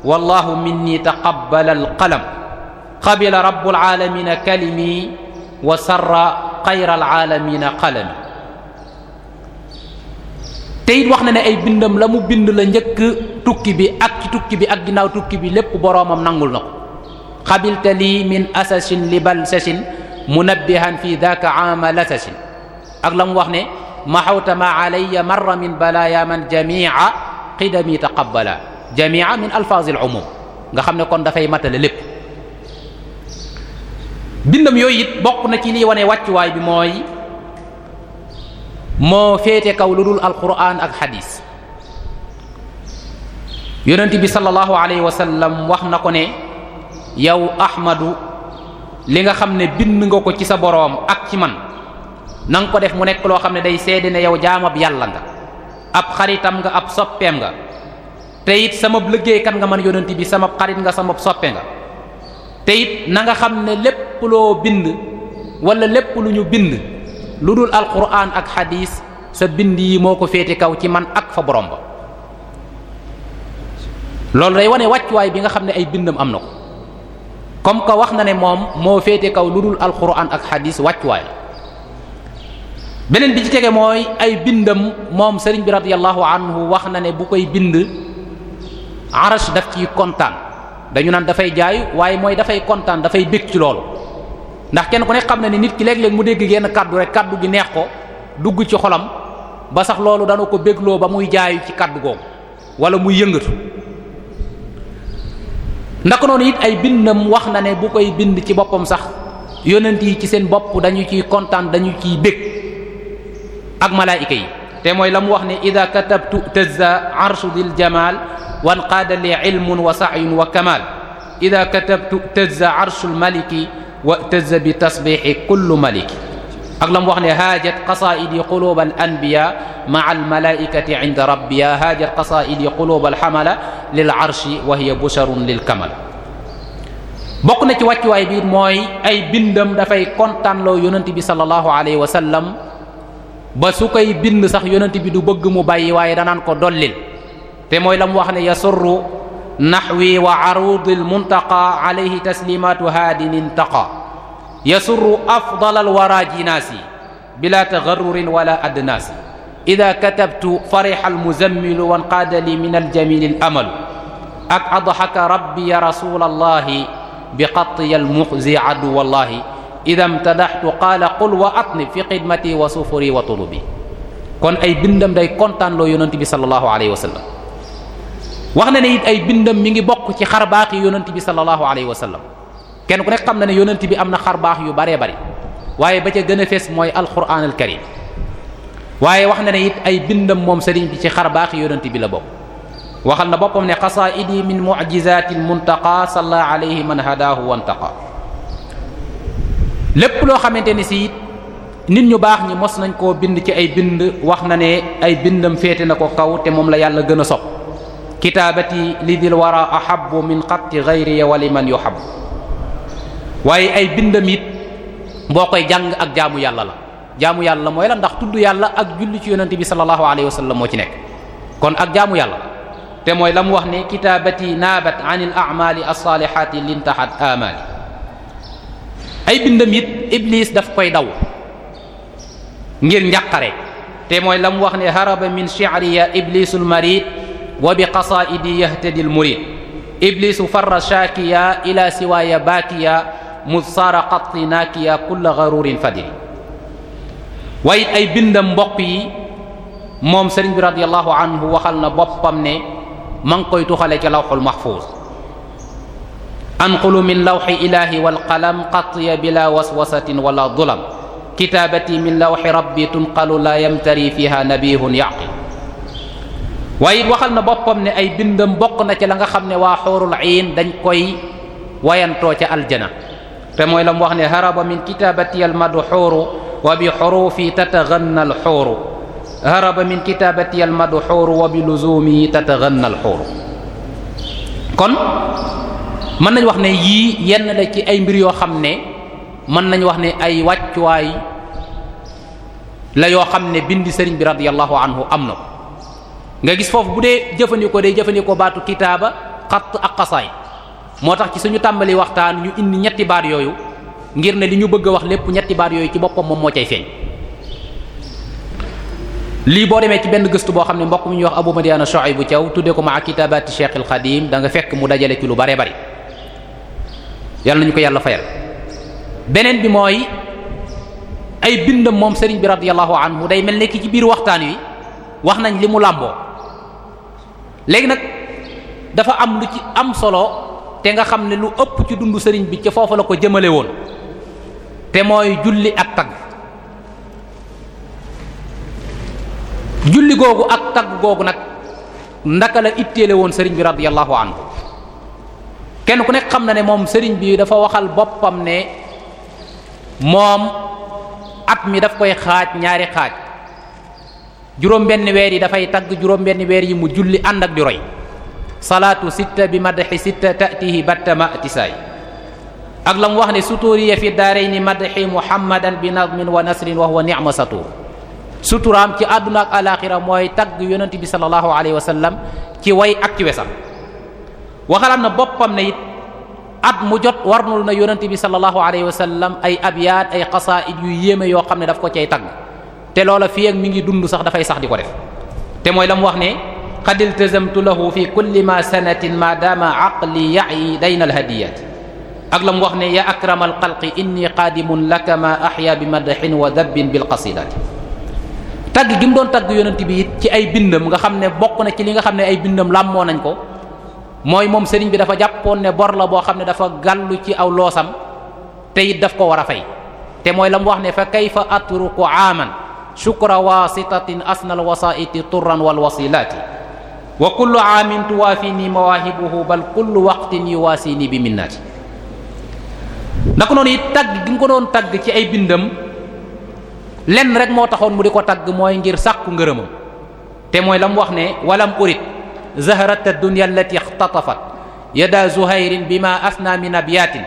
wallahu minni taqabbala alqalam qabila rabbul alamina kalimi wa sarra xayra alalamina qalami te wax na ne ay bindam la mu bind la njëkk tukki bi ak ci ak ginnaaw tukki bi lépp boroomam nangul na ko xabilta lii min asasin li bal sasin munabbihan fi daka ama la sasin ak la mu wax ne maxawta ma alaya marra min balaya man jamia qidami taqabbala jamia min alfaaz al umum nga xam ne kon dafay matale lépp bindam yooyu it bokk na ci liy wane wàccuwaay bi mooy moo féete kaw lu dul alquran ak xadis yonent bi sallallahu alayhi wa sallam wax na ko ne yow ahmadu li nga xam ne bind nga ko ci sa boroom ak ci man nanga ko def mu nekk loo xam ne day seede ne yow jaamab yàlla nga ab xaritam nga ab soppeem nga te it sama liggéeykat nga man yonent bi sama xarit nga sama soppe nga te it na nga xam ne lépp loo bind walla lépp lu ñu bind lu dul alquran ak xadiis sa bind yi moo ko féete kaw ci man ak fa borom ba loolu day wane wàccuwaay bi nga xam ne ay bindam am na ko comme que wax na ne moom moo féete kaw lu dul alquran ak xadiis wàccuwaay la beneen bi ci tege mooy ay bindam moom sëriñ bi radiyallahu anhu wax na ne bu koy bind arash daf ciy kontaan dañu naan dafay jaay waaye mooy dafay kontaan dafay bég ci loolu ndax kenn ko ne xam na ni nit ki léeg-léeg mu dégg genn kaddu rek kaddu gi neex ko dugg ci xolam ba sax loolu dana ko bégloo ba muy jaayu ci kàddu googu wala muy yëngatu ndaka noonu it ay bindam wax na ne bu koy bind ci boppam sax yonent yi ci seen bopp dañu ciy kontaan dañu ciy bég ak malaayika yi te mooy la mu wax ne ida katabtu tazza arshu dil jamal wanqaada li ilmun wa saayun wa kamal ida katabtu tazza arshul maliki wa'tazza bi tasbiixi kullu malik ak la wax ne haajat qasaa'idi quluuba al anbiya ma'a rabbiya haajat qasaa'idi quluuba al lil arshi wa hiya busharun lil kamal bokk na ci wàccuwaay biir mooy ay bindam dafay kontaanloo yonent bi sallallahu alayhi wa ba su koy sax yonent bi du bëgg mu bàyyi waaye danaan ko dollil te mooy la wax ne yasurru naxwi wa aruudi almuntaqa alayhi taslimaatu haadin intaqa yasurru afdal alwara jinaasi bila tagarrurin wala adnaasi ida katabtu fariha almuzammilu wanqaada li min aljamili alamalu ak adhaka rabbi ya rasul allahi biqattiya almuxzi adu wallahi ida mtadaxtu qaala qul wa atni fi xidmati wa sufuri wa tulubi kon ay bindam day kontaan loo yonent bi sallallahu alayhi wa sallam wax na ne it ay bindam mi ngi bokk ci xar baax yi yonent bi sallallahu alayhi wa sallam kenn ku nekk xam na ne yonent bi am na xar baax yu bare bari waaye ba ca gën a fees mooy alquran al waaye wax na ne it ay bindam moom sëriñ bi ci xar baax yi bi la bokk waxal na boppam ne xasaidi min mucjizati lmuntaqa salla alayhi man hadaahu wantaqa lépp loo xamante ni siit nit ñu baax ñi mos nañ koo bind ci ay bind wax na ne ay bindam féete na ko kaw te moom la yàlla gën a sopp kitaabati li dil wara ahabu min xatti gayriya wali man yuhabu waaye ay bindam it boo koy jàng ak jaamu yàlla la jaamu yàlla mooy la ndax tudd yàlla ak julli ci yonente bi sallallahu alayhi wa sallam moo ci nekk kon ak jaamu yàlla te mooy la mu wax ne kitaabati naabat an il amali alsaalihati lintahat amali ay bindam it iblis daf koy daw ngir njàqare te mooy la mu wax ne haraba min shi'riya iblisul marid wa bi qasaa'idi yahtadi al-murid iblisu farra shaakiya ila siwaaya baakiya mu saara qatti naakiya kulla garurin fadili waaye ay bindam mbokk yi moom sëriñ bi radiyallahu anhu waxal na boppam ne ma ngi koy tuxale ci lawxul mahfuus anqulu min lawxi ilaahi wal qalam qatiya bila waswasatin wala dulam kitaabati min lawxi rabbi tunqalu la yamtari fiha nabihun yaqil waaye waxal na boppam ne ay bindam bokk na ci la nga xam ne waa xóorul iin dañ koy wayantoo ca aljana te mooy la mu wax ne haraba min kitabati al madu xóoru wa bi xurufi tataganna al xóoru min kitabati al madu xóoru wa bi luzumi tataganna al kon mën nañ wax ne yii yenn la ci ay mbir yoo xam ne mën nañu wax ne ay wàccuwaay la yoo xam ne bindi sëriñ bi radiallahu am na ko nga gis foofu bu dee jëfandikoo day jëfandikoo baatu kitaaba xatt ak xasaay moo tax ci suñu tàmbali waxtaan ñu indi ñetti baat yooyu ngir ne li ñu bëgg a wax lépp ñetti baat yooyu ci boppam moom moo cay feeñ lii boo demee ci benn gëstu boo xam ne mbokk mu ñuy wax Abu Madiana bu Thiaw tuddee ko ma ak kitaabati Cheikh al Xadim da fekk mu dajale ci lu bare bari yàlla nañu ko yàlla fayal beneen bi mooy ay bindam moom sëriñ bi radiyallahu anhu mel ne ci biir waxtaan wi wax nañ li mu làmboo léegi nag dafa am lu ci am solo te nga xam ne lu ëpp ci dund sëriñ bi ca foofu la ko jëmale woon te mooy julli ak tagg julli googu ak tagg googu nag ndaka la itteele woon sëriñ bi radiyallahu anhu kenn ku nekk xam na ne moom sëriñ bi dafa waxal boppam ne moom at mi daf koy xaaj ñaari xaaj juróom-benn weer yi dafay tagg juróom-benn weer yi mu julli ànd ak di roy salaatu sitta bi madxi sitta tatihi battama tisaay ak la wax ne suturiya fi daarayni madxi muhammadan bi nazmin wa nasrin wa huwa nicma satur suturaam ci àdduna ak mooy tagg yonent bi salallahu alayhi wa sallam ci way ak ci wesam waxalaat na boppam ne it at mu jot war na yonent bi salallahu alayhi wa sallam ay abyaat ay xasaid yu yéeme yoo xam ne daf ko cay tagg te loola fii mi ngi dund sax dafay sax di ko def te mooy la mu wax ne qad iltazamtu lahu fi kulli ma sanatin ma dama aqli yayi dayna alhadiyat ak la mu wax ne ya akrama alxalqi inni qaadimun laka ma ahya bi madaxin wa dabbin bilqasidaati tagg gi mu doon tagg yonent bi it ci ay bindam nga xam ne bokk na ci li nga xam ne ay bindam làmmoo nañ ko mooy moom sëriñ bi dafa jàppoon ne bor la boo xam ne dafa gàllu ci aw loosam te it daf ko war a fay mooy la mu wax shukra wasitatin asnal wasaiti turran wal wasilati wa kullu aamin tuwaafini mawaahibuhu bal kullu waqtin yuwaasini bi minnati naka noonu it tagg gi nga ko doon tagg ci ay bindam lenn rek moo taxoon mu di ko tagg mooy ngir sàkku ngërëmam te mooy la mu wax ne dunya allati ixtatafat yada zuhayrin bima asna min abyatin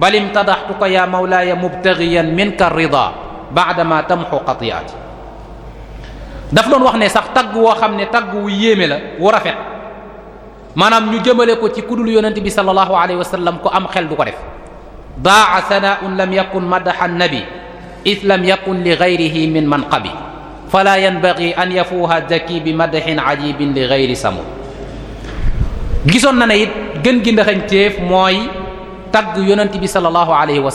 bal imtadaxtuka ya mawlaaya mubtagiyan minka rida baadama tamxu qatiyaati daf doon wax ne sax tagg woo xam ne tagg wu yéeme la wu rafet maanaam ñu jëmale ko ci kudul yonent bi sallallahu alayhi wa sallam ko am xel du ko def daa sanaaun lam yakun madaxa nabi id lam yakun li gayrihi min manqabi fala yanbagi an yafuuha zaki bi madaxin ajibin li gayri samul gisoon na ne it gën gi ndaxañteef mooy tagg yonent bi sallallahu alayhi wa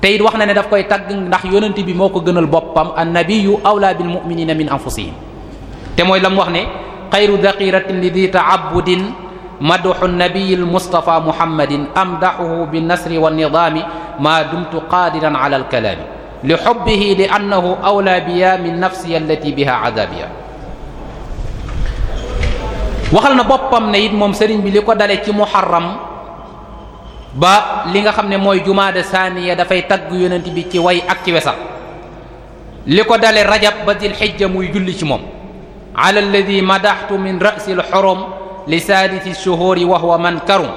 te it wax na ne daf koy tagg ndax yonent bi moo ko gënal boppam annabiyu awla bil min anfusihim te mooy lam mu wax ne xayru daqiratin li di taabudin madoxu nabiyi lmustapha muhammadin amdaxuhu bi nasri wa nidaami maa dumtu qaadiran li xubbihi li awla biya min nafsiya allati biha adabiya waxal na boppam ne it moom sëriñ bi li ko ba li nga xam ne mooy jumaada saaniya dafay tagg yonent bi ci way ak ci wesal li ko dale rajab ba dil xijja muy julli ci moom ala alladi madaxtu min rasi lxorom li saadisi shuhuri wa huwa mankarum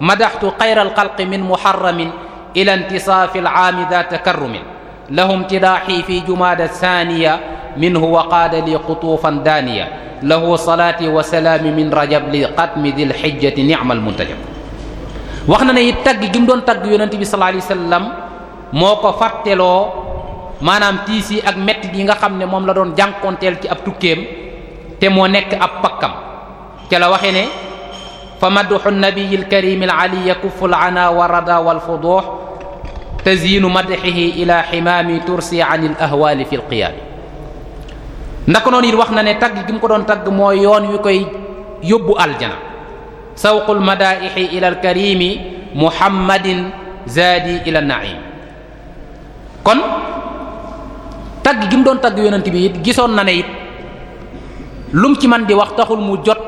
madaxtu xayra alxalqi min muharramin ila intisaafi alaami da takarrumin lahum tidaaxi fi jumaada saaniya minhu wa qaada li qutuufan daaniya lahu salaati wa salaami min rajab li xatmi dil xijjati nicma almuntajab wax na ne it tagg gi mu doon tagg yonent bi sallallahu alayhi wasallam moo ko fàtteloo maanaam tiis yi ak mettit yi nga xam ne moom la doon jànkoonteel ci ab tukkeem te moo nekk ab pakkam ca la waxe ne fa madxu nabiyi alkarimi alali yakufu alana wa rada walfuduux tazinu madxihi ila ximaami tursi an al ahwaali fi lqiyaami wax na ne tagg gi ko doon tagg mooy yoon wi koy yóbbu sawqul madaixi ila alkarimi muhammadin zaadi ila naim kon tagg gi doon tagg yonent bi it gisoon na ne it lum ci man di wax taxul mu jot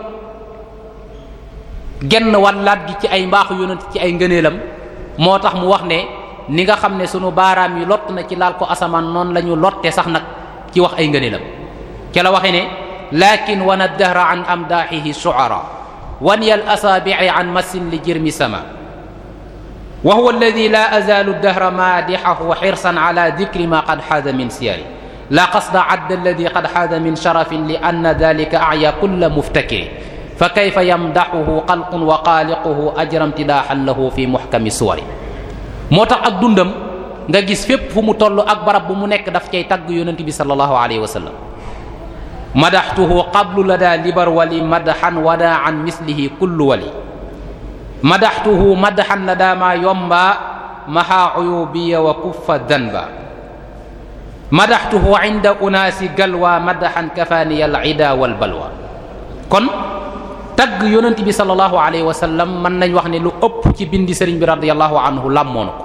genn wàllaat gi ci ay mbaaxu yonent ci ay ngëneelam moo tax mu wax ne ni nga xam ne sunu baaraam yi lott na ci laal ko asamaan noonu lañu ñu lotte sax nag ci wax ay ngëneelam ca la waxe ne lakin wana dahra an amdaaxihi suara wan yal asaabi'i an masin li jirmi sama wa huwa alladi laa azaalu dahra maadixahu xirsan ala dikri ma qad xaada min siyari laa qasda adda alladi qad xaada min sharafin li anna dalika acya kulla muftakiri fa kayfa yamdaxuhu xalqun wa xaaliquhu ajram tidaaxan lahu fi muxkami suwari moo tax ak dundam nga gis fépp fu mu toll ak barab bu mu nekk daf cay tagg yonent bi sallallahu alayhi wa sallam madaxtuhu qablu lada libar wali madaxan wada an mislihi kullu wali madaxtuhu madaxan lada ma yomba maha uyubiya wa kuffa danba madaxtuhu inda unaasi galwa madaxan kafaaniya al ida wal kon tagg yonent bi sallallahu wa sallam mën nañu wax ne lu ëpp ci bindi sëriñ bi radiallahu anhu làmmoon ko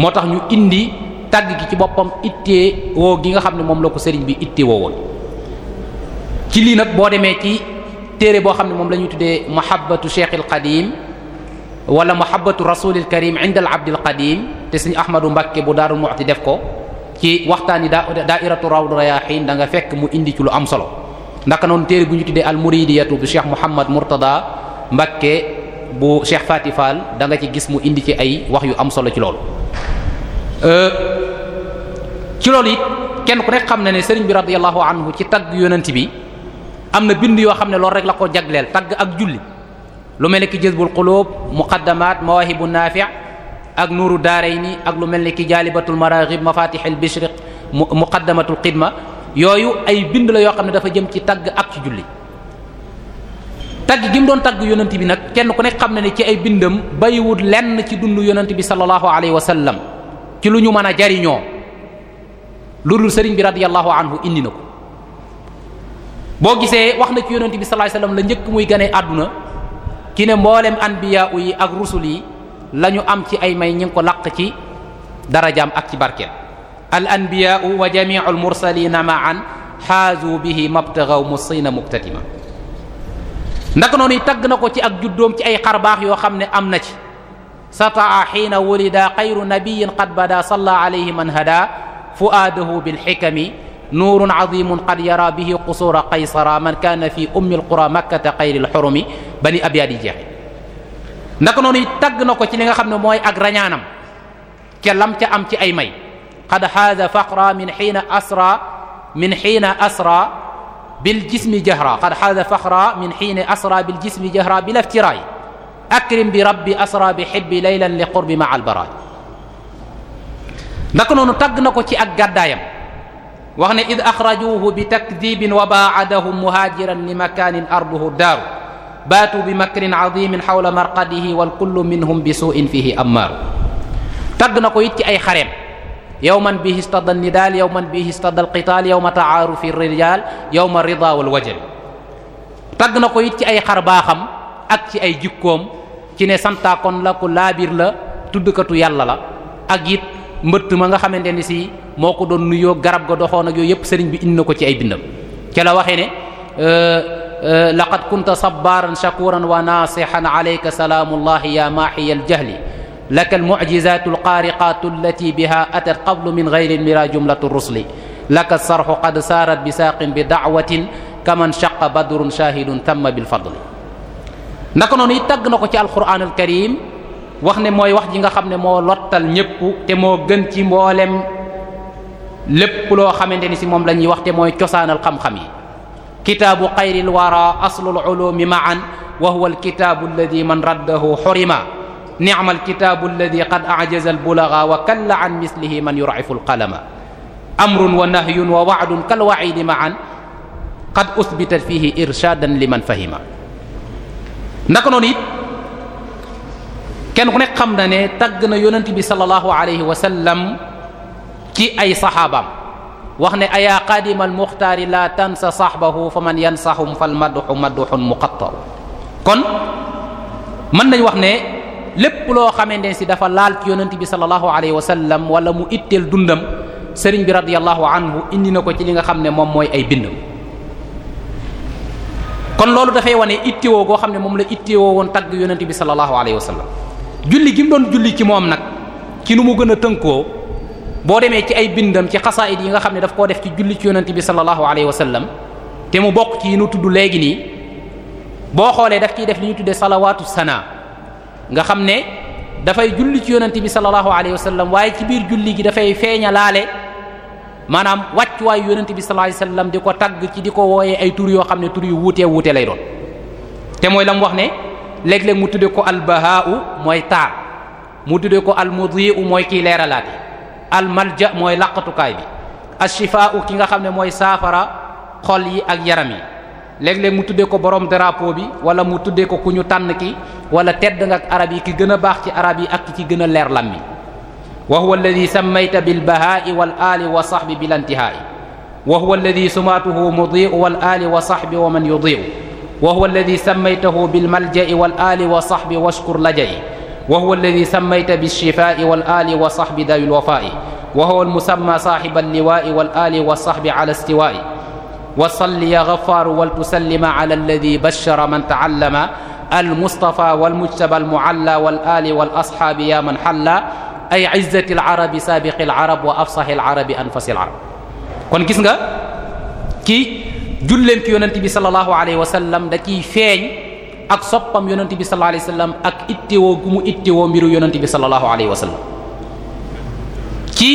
moo tax ñu indi tagg gi ci boppam ittee woo gi nga xam ne moom la ko sëriñ bi ittee woo ci lii nag boo demee ci téere boo xam ne moom la ñuy tuddee mahabbatu cheikh al qadim wala mahabbatu rasulil karim inda al abdil qadim te sëñ ahmadu mbàkke bu daaru muxti def ko ci waxtaan yi daa daairatu rawd rayahin da nga fekk mu indi ci lu am solo ndaka noonu téere bu ñu tuddee al muridiyatu bu cheikh mouhamad murtada mbàkke bu cheikh fati fall da nga ci gis mu indi ci ay wax yu am solo ci loolu euh, ci loolu it kenn ku nekk xam na ne sëriñ bi radiyallahu anhu ci tagg yonent bi am na bind yoo xam ne loolu rek la ko jagleel tagg ak julli lu mel ni ki jazbul qulub muqaddamat mawahibu naafi' ak nuuru daarayni ak lu mel ni ki jaalibatul maraghib mafatihul bishriq muqaddamatul xidma yooyu ay bind la yoo xam ne dafa jëm ci tagg ak ci julli tagg gi mu doon tagg yonent bi nag kenn ku nekk xam na ne ci ay bindam bàyyiwut lenn ci dund yonent bi sallallahu alayhi wa sallam ci lu ñu mën a jariñoo lu dul sëriñ bi radiyallahu anhu indi boo gisee wax na ci yonent bi sallallahu alayhi la njëkk muy gane àdduna ki ne mboolem anbiya yi ak rusul yi la am ci ay may ñi ko laq ci darajaam ak ci barkeel al anbiya wa jami'ul mursalina ma'an xaazu bihi mabtagaw musina mubtatima ndaka noonu tagg na ko ci ak juddoom ci ay xarbaax yoo xam ne am na ci sataa xiina wulida xayru nabiyin qad bada salla alayhi man hada fuaadahu bilxikami nuurun azimun qad yara bihi qusuura qaysara man kaana fi ummi alqura makkata xayril xorumi ba ni abyaat yi jeexe naka noonu it tagg na ko ci li nga xam ne mooy ak rañaanam ca lam ca am ci ay may xad xaada faqra min xiina asra min xiina asra bil jismi jahra xad xaada faqra min xiina asra bil jismi jahra bila iftiraay akrim bi rabbi asra bi xibbi laylan li qurbi ma albaraay naka noonu tagg na ko ci ak gàddaayam wax ne id axrajuuhu bi takdibin wa baadahum muhaajiran li makaanin arduhu daaru baatu bi makrin azimin xawla marqadihi wal kullu minhum bi suuin fihi ammaaru tagg na ko it ci ay xareem yowman bihi stada nidaal yowman bihi stada alqitaal yowma taarufi rijaal yowma rida wal wajal tagg na ko it ci ay xar baaxam ak ci ay jikkoom ci ne santaakon la ku laabir la tuddkatu yàlla la ak it mbëtt ma nga xamante ni si moo ko doon nuyoo garab ga doxoon ak yooyu yëpp sëriñ bi indi ko ci ay bindam ca la waxee ne euh, euh, laqad kunta sabaran shakuran wa nasihan alayka salaamullahi ya maaxiya aljahli laka almucjizatu alqaariqatu allati biha atat qablu min gayri mira jumlatu rusli laka sarxu qad saarat bi saaqin bi daawatin kaman shaqa badrun shahidun tamma bilfadli naka noonu it tagg ci alquran alkarim wax ne mooy wax ji nga xam ne moo lottal ñépp te moo gën ci mboolem lépp loo xamante ni si moom la wax te mooy cosaanal xam-xam yi kitaabu xayril wara aslul ulumi maan wa huwa alkitaabu alladi man raddahu xurima nicma alkitaabu alladi qad ajaza albulaga wa kalla an mislihi man yurcifu alqalama amrun wa nahyun wa wacdun kalwacidi maan qad usbitat fihi irshadan liman fahima naka kenn ku nekk xam na ne tagg na yonent bi sallallahu alayhi wa sallam ci ay saxaabaam wax ne ayaa qaadimal muxtaari laa tansa saxbahu fa man yansaxum fal madduxu madduxun muqattaru kon mën nañ wax ne lépp loo xamante ne si dafa laal ci bi sallallahu alayhi wala mu itteel dundam sëriñ bi radiyallahu anhu indi na ko ci li nga xam ne moom mooy ay bindam kon loolu dafay wane ittewoo goo xam ne moom la ittewoo woon tagg yonent bi sallallahu alayhi wa julli gi mu doon julli ci moom nag ci nu mu gën a tënkoo boo demee ci ay bindam ci xasaayit yi nga xam ne daf koo def ci julli ci yonent bi sallallahu alayhi wa sallam te mu bokk ci yi tudd léegi nii boo xoolee daf ciy def li ñu tuddee salawaatu sanaa nga xam ne dafay julli ci yonent bi sallallahu alayhi wa sallam waaye ci biir julli gi dafay feeña laale maanaam wàccuwaayu yonent bi sallallahu alayhi wa di ko tagg ci di ko wooyee ay tur yoo xam ne tur yu wuutee wuute lay doon te mooy la mu wax ne léeg-léeg mu tuddee ko albahaau mooy taar mu tuddee ko almudiu mooy kii leeralaate almalja mooy laqatukaay bi ashifaau ki nga xam ne mooy saafara xol yi ak yaram yi léeg-léeg mu tuddee ko borom drapeau bi wala mu tuddee ko ku ñu tànn ki wala tedd nga ak arab yi ki gën a baax ci arab yi ak ki ci gën a leer lam mi wa huwa alladi sammayta bilbahaai wal aali wa sahbi bila intihaai wa huwa alladi sumaatuhu mudiu wal aali wa sahbi wa man yudiu wa huwa alladi sammaytahu bilmaljai wal aali wa saxbi washkur lajai wa huwa alladi sammayta bilshifaai wal aali wa saxbi dawi lwafaai wa huwa almusamma saaxiba alliwaai wal aali wa saxbi ala istiwaai wa salli ya gafaaru wal tusallima ala alladi bashara man taallama almustafa walmujtaba almualla wal aali wal asxaabi yaa man xalla ay izzati alarabi saabiqi alarab wa afsaxi alarabi anfasi alarab kon gis nga kii julleem ci yonent bi sallallahu alayhi wa sallam da ciy feeñ ak soppam yonent bi sallallahu alayhi wa sallam ak ittewoo gu mu ittewoo mbiru yonent bi sallallahu alayhi wa ci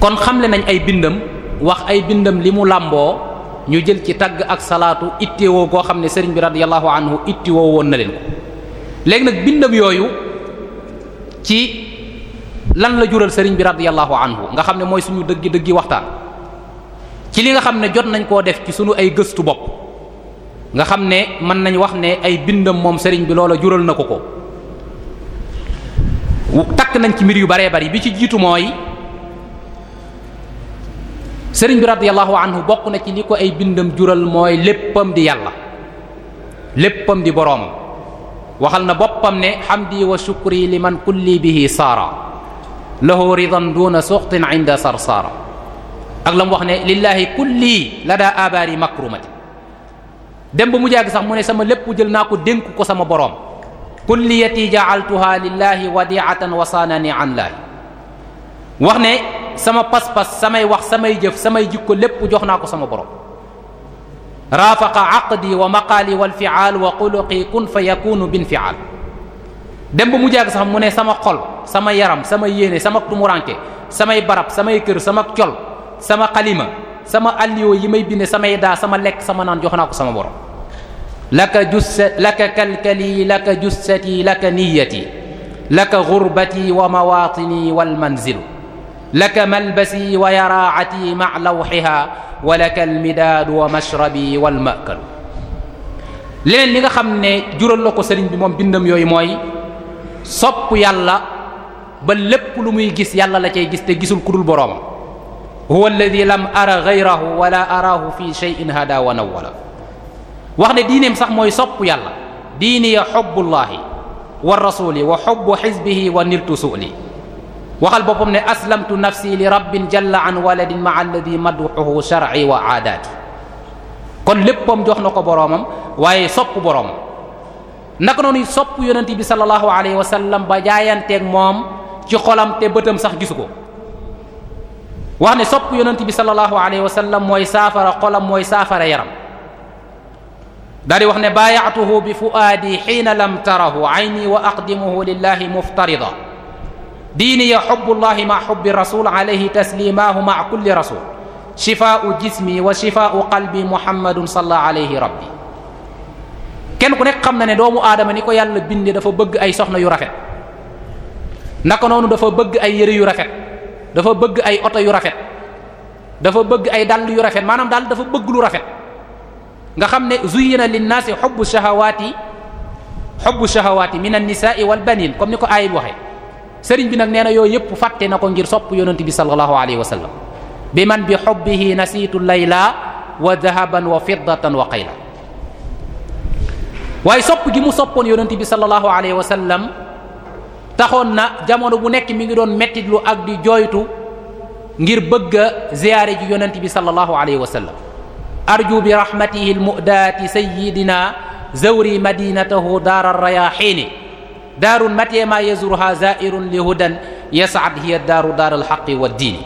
kon xamle nañ ay bindam wax ay bindam li mu làmboo ñu jël ci tàgg ak salaatu ittewoo goo xam ne sëriñ bi radiyallahu anhu ittewoo woon na leen ko léegi nag bindam yooyu ci lan la jural sëriñ bi radiyallahu anhu nga xam ne mooy suñu dëgg dëggi waxtaan ci li nga xam ne jot nañ koo def ci sunu ay gëstu bopp nga xam ne mën nañ wax ne ay bindam moom sëriñ bi loola jural na ko ko takk nañ ci mbir yu baree bari bi ci jiitu mooy sëriñ bi radiyallahu anhu bokk na ci li ko ay bindam jural mooy léppam di yàlla léppam di boroomam waxal na boppam ne xam xamdi wa shukri liman kulli bihi saara lahu ridan duna suxtin inda sarsaara ak la wax ne lillaahi kulli la daa abaar yi makrumati dem ba mu jàgg sax mu ne sama lépp jël naa ko dénk ko sama boroom kulliyati jaaltuha lillaahi wadiatan wa saanani an laahi wax ne sama pas samay wax samay jëf samay jikko lépp jox naa ko sama boroom raafaqa aqdi wa maqaali wal fiaal wa xuluqi kun fa yakunu bin fiaal dem ba mu jàgg sax mu ne sama xol sama yaram sama yéene sama tumuranke samay barab samay kër sama col sama xalima sama alliyo yi may binde samay daa sama lekk sama naan jox naa ko sama borom laka jussa laka kalkali laka jussati laka niyati laka gurbati wa mawatini wal manzilu laka malbasi wa yaraacati ma lawxiha wa laka almidaadu wa mashrabi wal makalu leneen li nga xam ne jural la ko sëriñ bi moom bindam yooyu mooy sopp yàlla ba lépp lu gis yàlla la cay gis te gisul ku dul boroomam huwa alladi lam ara gayrahu wala arahu fi cheyin hada wa nawwala wax ne diineem sax mooy sopp yàlla diini ya xobbullaahi wa rasuli wa xobbu xisbihi wa niltu suuli waxal boppam ne aslamtu nafsi li rabbin jalla an waladin maa alladi madxuhu sharci wa aadaati kon léppam jox na ko boroomam waaye sopp boroomam naka noonu sopp yonent bi sallallahu alayhi wa sallam ba jaayanteeg moom ci xolam te bëtam sax gisu ko wax ne sopp yonent bi sallallahu alayhi wa sallam mooy saafara xolam mooy saafara yaram daal di wax ne baayaatuhu bi fuaadi xiina lam tarahu ayni wa aqdimuhu lillahi muftarida diiniya xubbullahi ma xubbi rasul alayhi taslimahu ma kulli rasul shifaau jismi wa shifaau qalbi muhammadun salla alayhi rabbi kenn ku nekk xam na ne doomu aadama ni ko yàlla binde dafa bëgg ay soxna yu rafet naka noonu dafa bëgg ay yëre yu rafet dafa bëgg ay oto yu rafet dafa bëgg ay dàll yu rafet maanaam daal dafa bëgg lu rafet nga xam ne zuyina linnaasi xubbu shahawaati xubbu shahawaati min annisaai wa banin comme ni ko aayib waxee sëriñ bi nag neena na yooyu yëpp fàtte na ko ngir sopp yonent bi sallallahu alayhi wa sallam bi man bi xubbihi nasiitu layla wa dahaban wa fiddatan wa qayla waaye sopp gi mu soppoon bi sallallahu alayhi wa taxoon na jamono bu nekk mi ngi doon mettitlu ak di jooytu ngir bëgg a ziyaare ji yonent bi sallallahu alayhi wa sallam arju bi rahmatihi almudaati sayidina zawri madinatahu daara rayaxiini daarun mateema yazuruha zairun li hudan yasaad hiya daaru daar alxaqi wa diini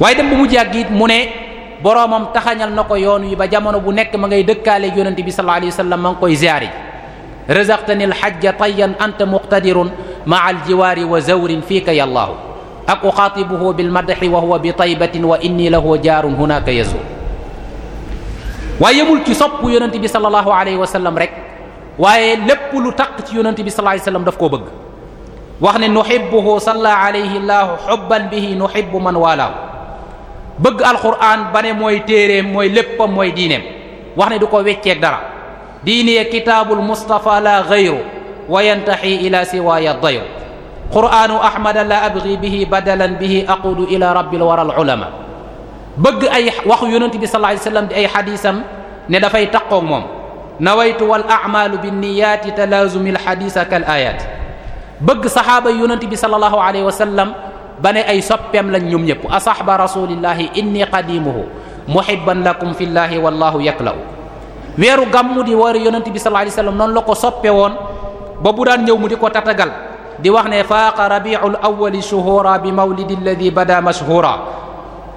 waaye dem bu mu jàgg mu ne boroomam taxañal na ko yoon wi ba jamono bu nekk ma ngay dëkkaale yonent bi sallallahu alayhi wa sallam koy ziyaare ji razaqtani alxajja tayyan anta muqtadirun maa aljiwaari wa zawrin fiika yallaahu ak uxaatibuhu bilmadaxi wa huwa bi taybatin wa inni lahu jaarun hunaka yazur waaye yemul ci sopp yonent bi sallallahu alayhi wa sallam rek waaye lépp lu taq ci yonent bi sallallahu alayhi wa sallam daf koo bëgg wax ne nuhibbuhu salla alayhi llahu xubban bihi nuhibbu man waalaahu bëgg alquran ba ne mooy téeréem mooy léppam mooy diineem wax ne du ko wecceeg dara diiniya kitaabul mustafa la gayru wa yantaxi ila siwaaya dayru quraanu ahmada la abgi bihi badalan bihi aqudu ila rabbil waral ulama bëgg ay waxu yonent bi sallallahu alayhi wasallam di ay xadiisam ne dafay taqoog moom nawaytu wal amalu binniyaati talaazumi alxadisa kal ayat bëgg saxaaba yonent bi sallallahu alayhi wasallam ba ne ay soppeem lañ ñoom ñëpp asahba rasulillahi inni qadimuhu muhibban lakum fi llahi wallahu yaklaw weeru gàmmu di weeru yonent bi sallallahu noonu la ko soppe woon ba bu daan ñëw mu di ko tatagal di wax ne faaqa rabiul awwali shuhura bi mawlidi alladi bada mashhura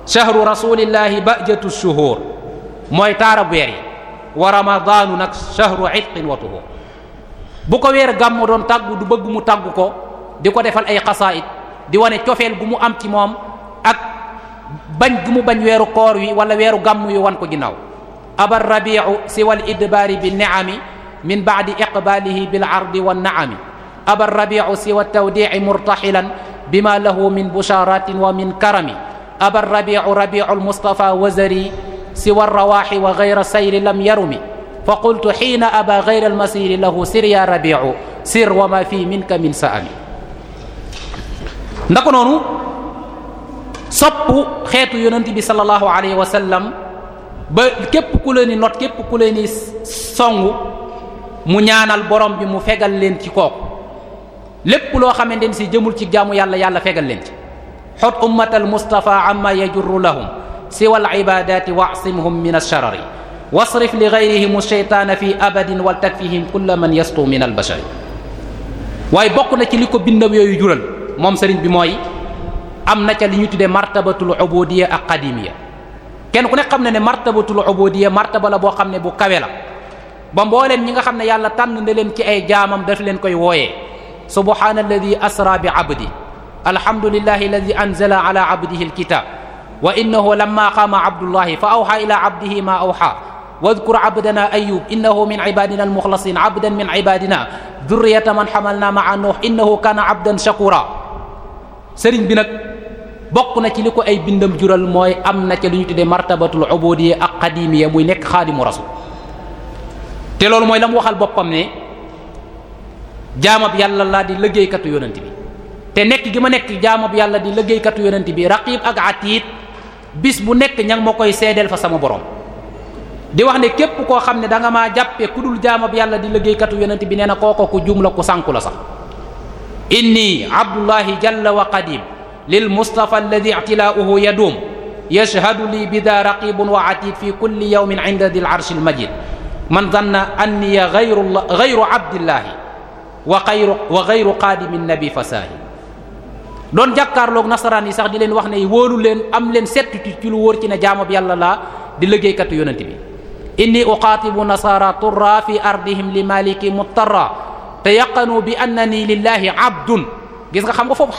shahru rasulillahi bajatu shuhur mooy taarab weer yi wa ramadaanu nag shahru itqin wa tuhur bu ko weer gàmmu doon tàggu du bëgg mu tàggu ko di ko defal ay xasaayit di wane cofeel gu mu am ci moom ak bañ gu mu bañ weeru koor wi wala weeru gàmm yu wan ko ginnaaw aba rabiu siwa al idbaari bi niami min baadi iqbaalihi bil ardi wa naami aba rabiu siwa tawdici murtaxilan bima lahu min bushaaratin wa min karami aba rabiu rabiu almustafa wazari siwa alrawaaxi wa gayra sayri lam yarumi fa qultu xiina aba gayra almasiri lahu sir ya rabiu sir wa ma fi minka min saami ndako noonu sopp xeetu yonent bi sallallahu alayhi wa sallam ba képp ku leen di not képp ku leen di songu mu ñaanal borom bi mu fegal leen ci kooku lépp loo xamante ni si jëmul ci jaamu yàlla yàlla fegal leen ci xot ummatal mustafa amma yajurru lahum siwa wa waasimhum min alsharari wasrif li gayrihim alcheytaana fi abadin wal takfihim kulla man yastu min albashari waaye bokk na ci li ko bindam yooyu jural moom sëriñ bi mooy am na ca li ñu tuddee martabatul ubudiya kenn ku nekk xam ne ne martabatul ubudiyya martaba la boo xam ne bu kawe la ba mbooleem ñi nga xam ne yàlla tànn na leen ci ay jaamam daf leen koy wooyee subhaana alladi asra bi abdi alhamdulillahi alladi anzala ala abdihi alkitab wa innahu lamma qaama abdullahi fa awxa ila abdihi ma awxa wadkur abdana ayub innahu min ibadina almuxlasin abdan min ibadina durriyata man xamalna maa nuux innahu kaana abdan shakura sëriñ bi nag bokk na ci li ko ay bindam jural mooy am na ca lu ñu tuddee martabatul ubudiyya ak qadimiyya muy nekk xaadimu rasul te loolu mooy la mu waxal boppam ne jaamab yàlla laa di liggéeykatu yonent bi te nekk gi ma nekk jaamab yàlla di liggéeykatu yonent bi raqib ak atiit bis bu nekk ñan ngi ma koy seedeel fa sama borom di wax ne képp koo xam ne danga ma jàppe jàppee ku dul jaamab yàlla di liggéeykatu yonent bi nee na koo kooko ku jum la ku sànku la sax inni abdullahi lil mustafa alladi ictilaauhu yaduum yashhadu li bida raqibun wa atid fi kulli yawmin inda di larshi almajid man zanna anniya gayru gayru abdillahi wa gayru wa gayru qaadimi nabi fasaahi doon jàkkaarloog nasaraan yi sax di leen wax ne wóolu leen am leen certitude ci lu wóor ci ne jaamab yàlla laa di liggéeykatu yonent bi inni uqaatibu nasara turra fi ardihim li maliki muttarra te yaqanu lillahi abdun gis nga xam nga foofu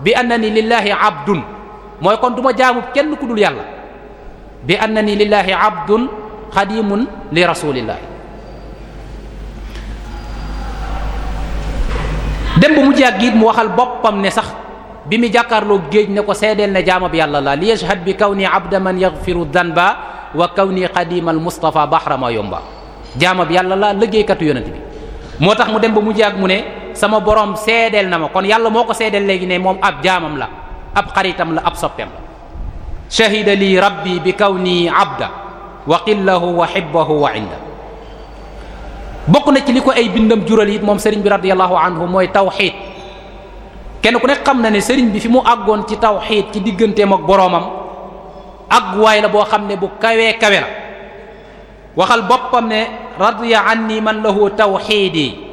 bi annani lillahi abdun mooy kon duma ma jaamu kenn ku dul yàlla bi annani lillahi abdun xadimun li rasulillahi dem ba mu jàgg it mu waxal boppam ne sax bi mu jàkkaarloo géej ne ko seedeel ne jaamab yàlla la li yashhad bi kaw ni abda man yaghfiru danba wa kaw ni xadimal mustafa baxrama yomba jaamab yàlla la liggéeykatu yonent bi moo tax mu dem ba mu jàgg mu ne sama boroom seedeel na ma kon yàlla moo ko seedeel léegi ne moom ab jaamam la ab xaritam la ab soppeem la shahida lii rabbi bi kawni abda wa qillahu wa xibbahu wa inda bokk na ci li ko ay bindam jural yit moom sëriñ bi radiallahu anhu mooy tawxiid kenn ku nekk xam na ne sëriñ bi fi mu àggoon ci tawxiid ci diggante ak boroomam àgguwaay la boo xam ne bu kawee kawe la waxal boppam ne radiya anni man lahu tawxiidi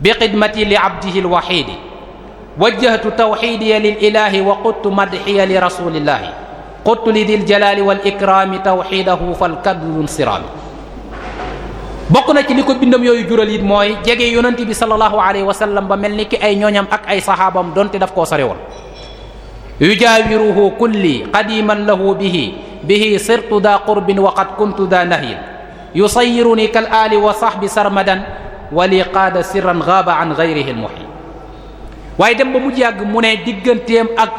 bi xidmati li abdihi lwaxiidi wajjahtu tawxiidiya lil ilaahi wa quttu madxiya li rasuulillaahi quttu li dil jalaali wal ikraami tawxiidahu fal kaddu siraami bokk na ci li ko bindam yooyu jural it mooy jege yonent bi sallallahu alayhi wa sallam ba mel ni ki ay ñooñam ak ay saxaabam donte daf koo sore woon yujaawiruhu kulli qadiman lahu bihi bihi sirtu daa qurbin wa qad kuntu daa nahyin yusayiruni kal aali wa sahbi sarmadan wali qaada sirran gaaba an gayrihi lmuhi waaye dem ba mujj yàgg mu ne digganteem ak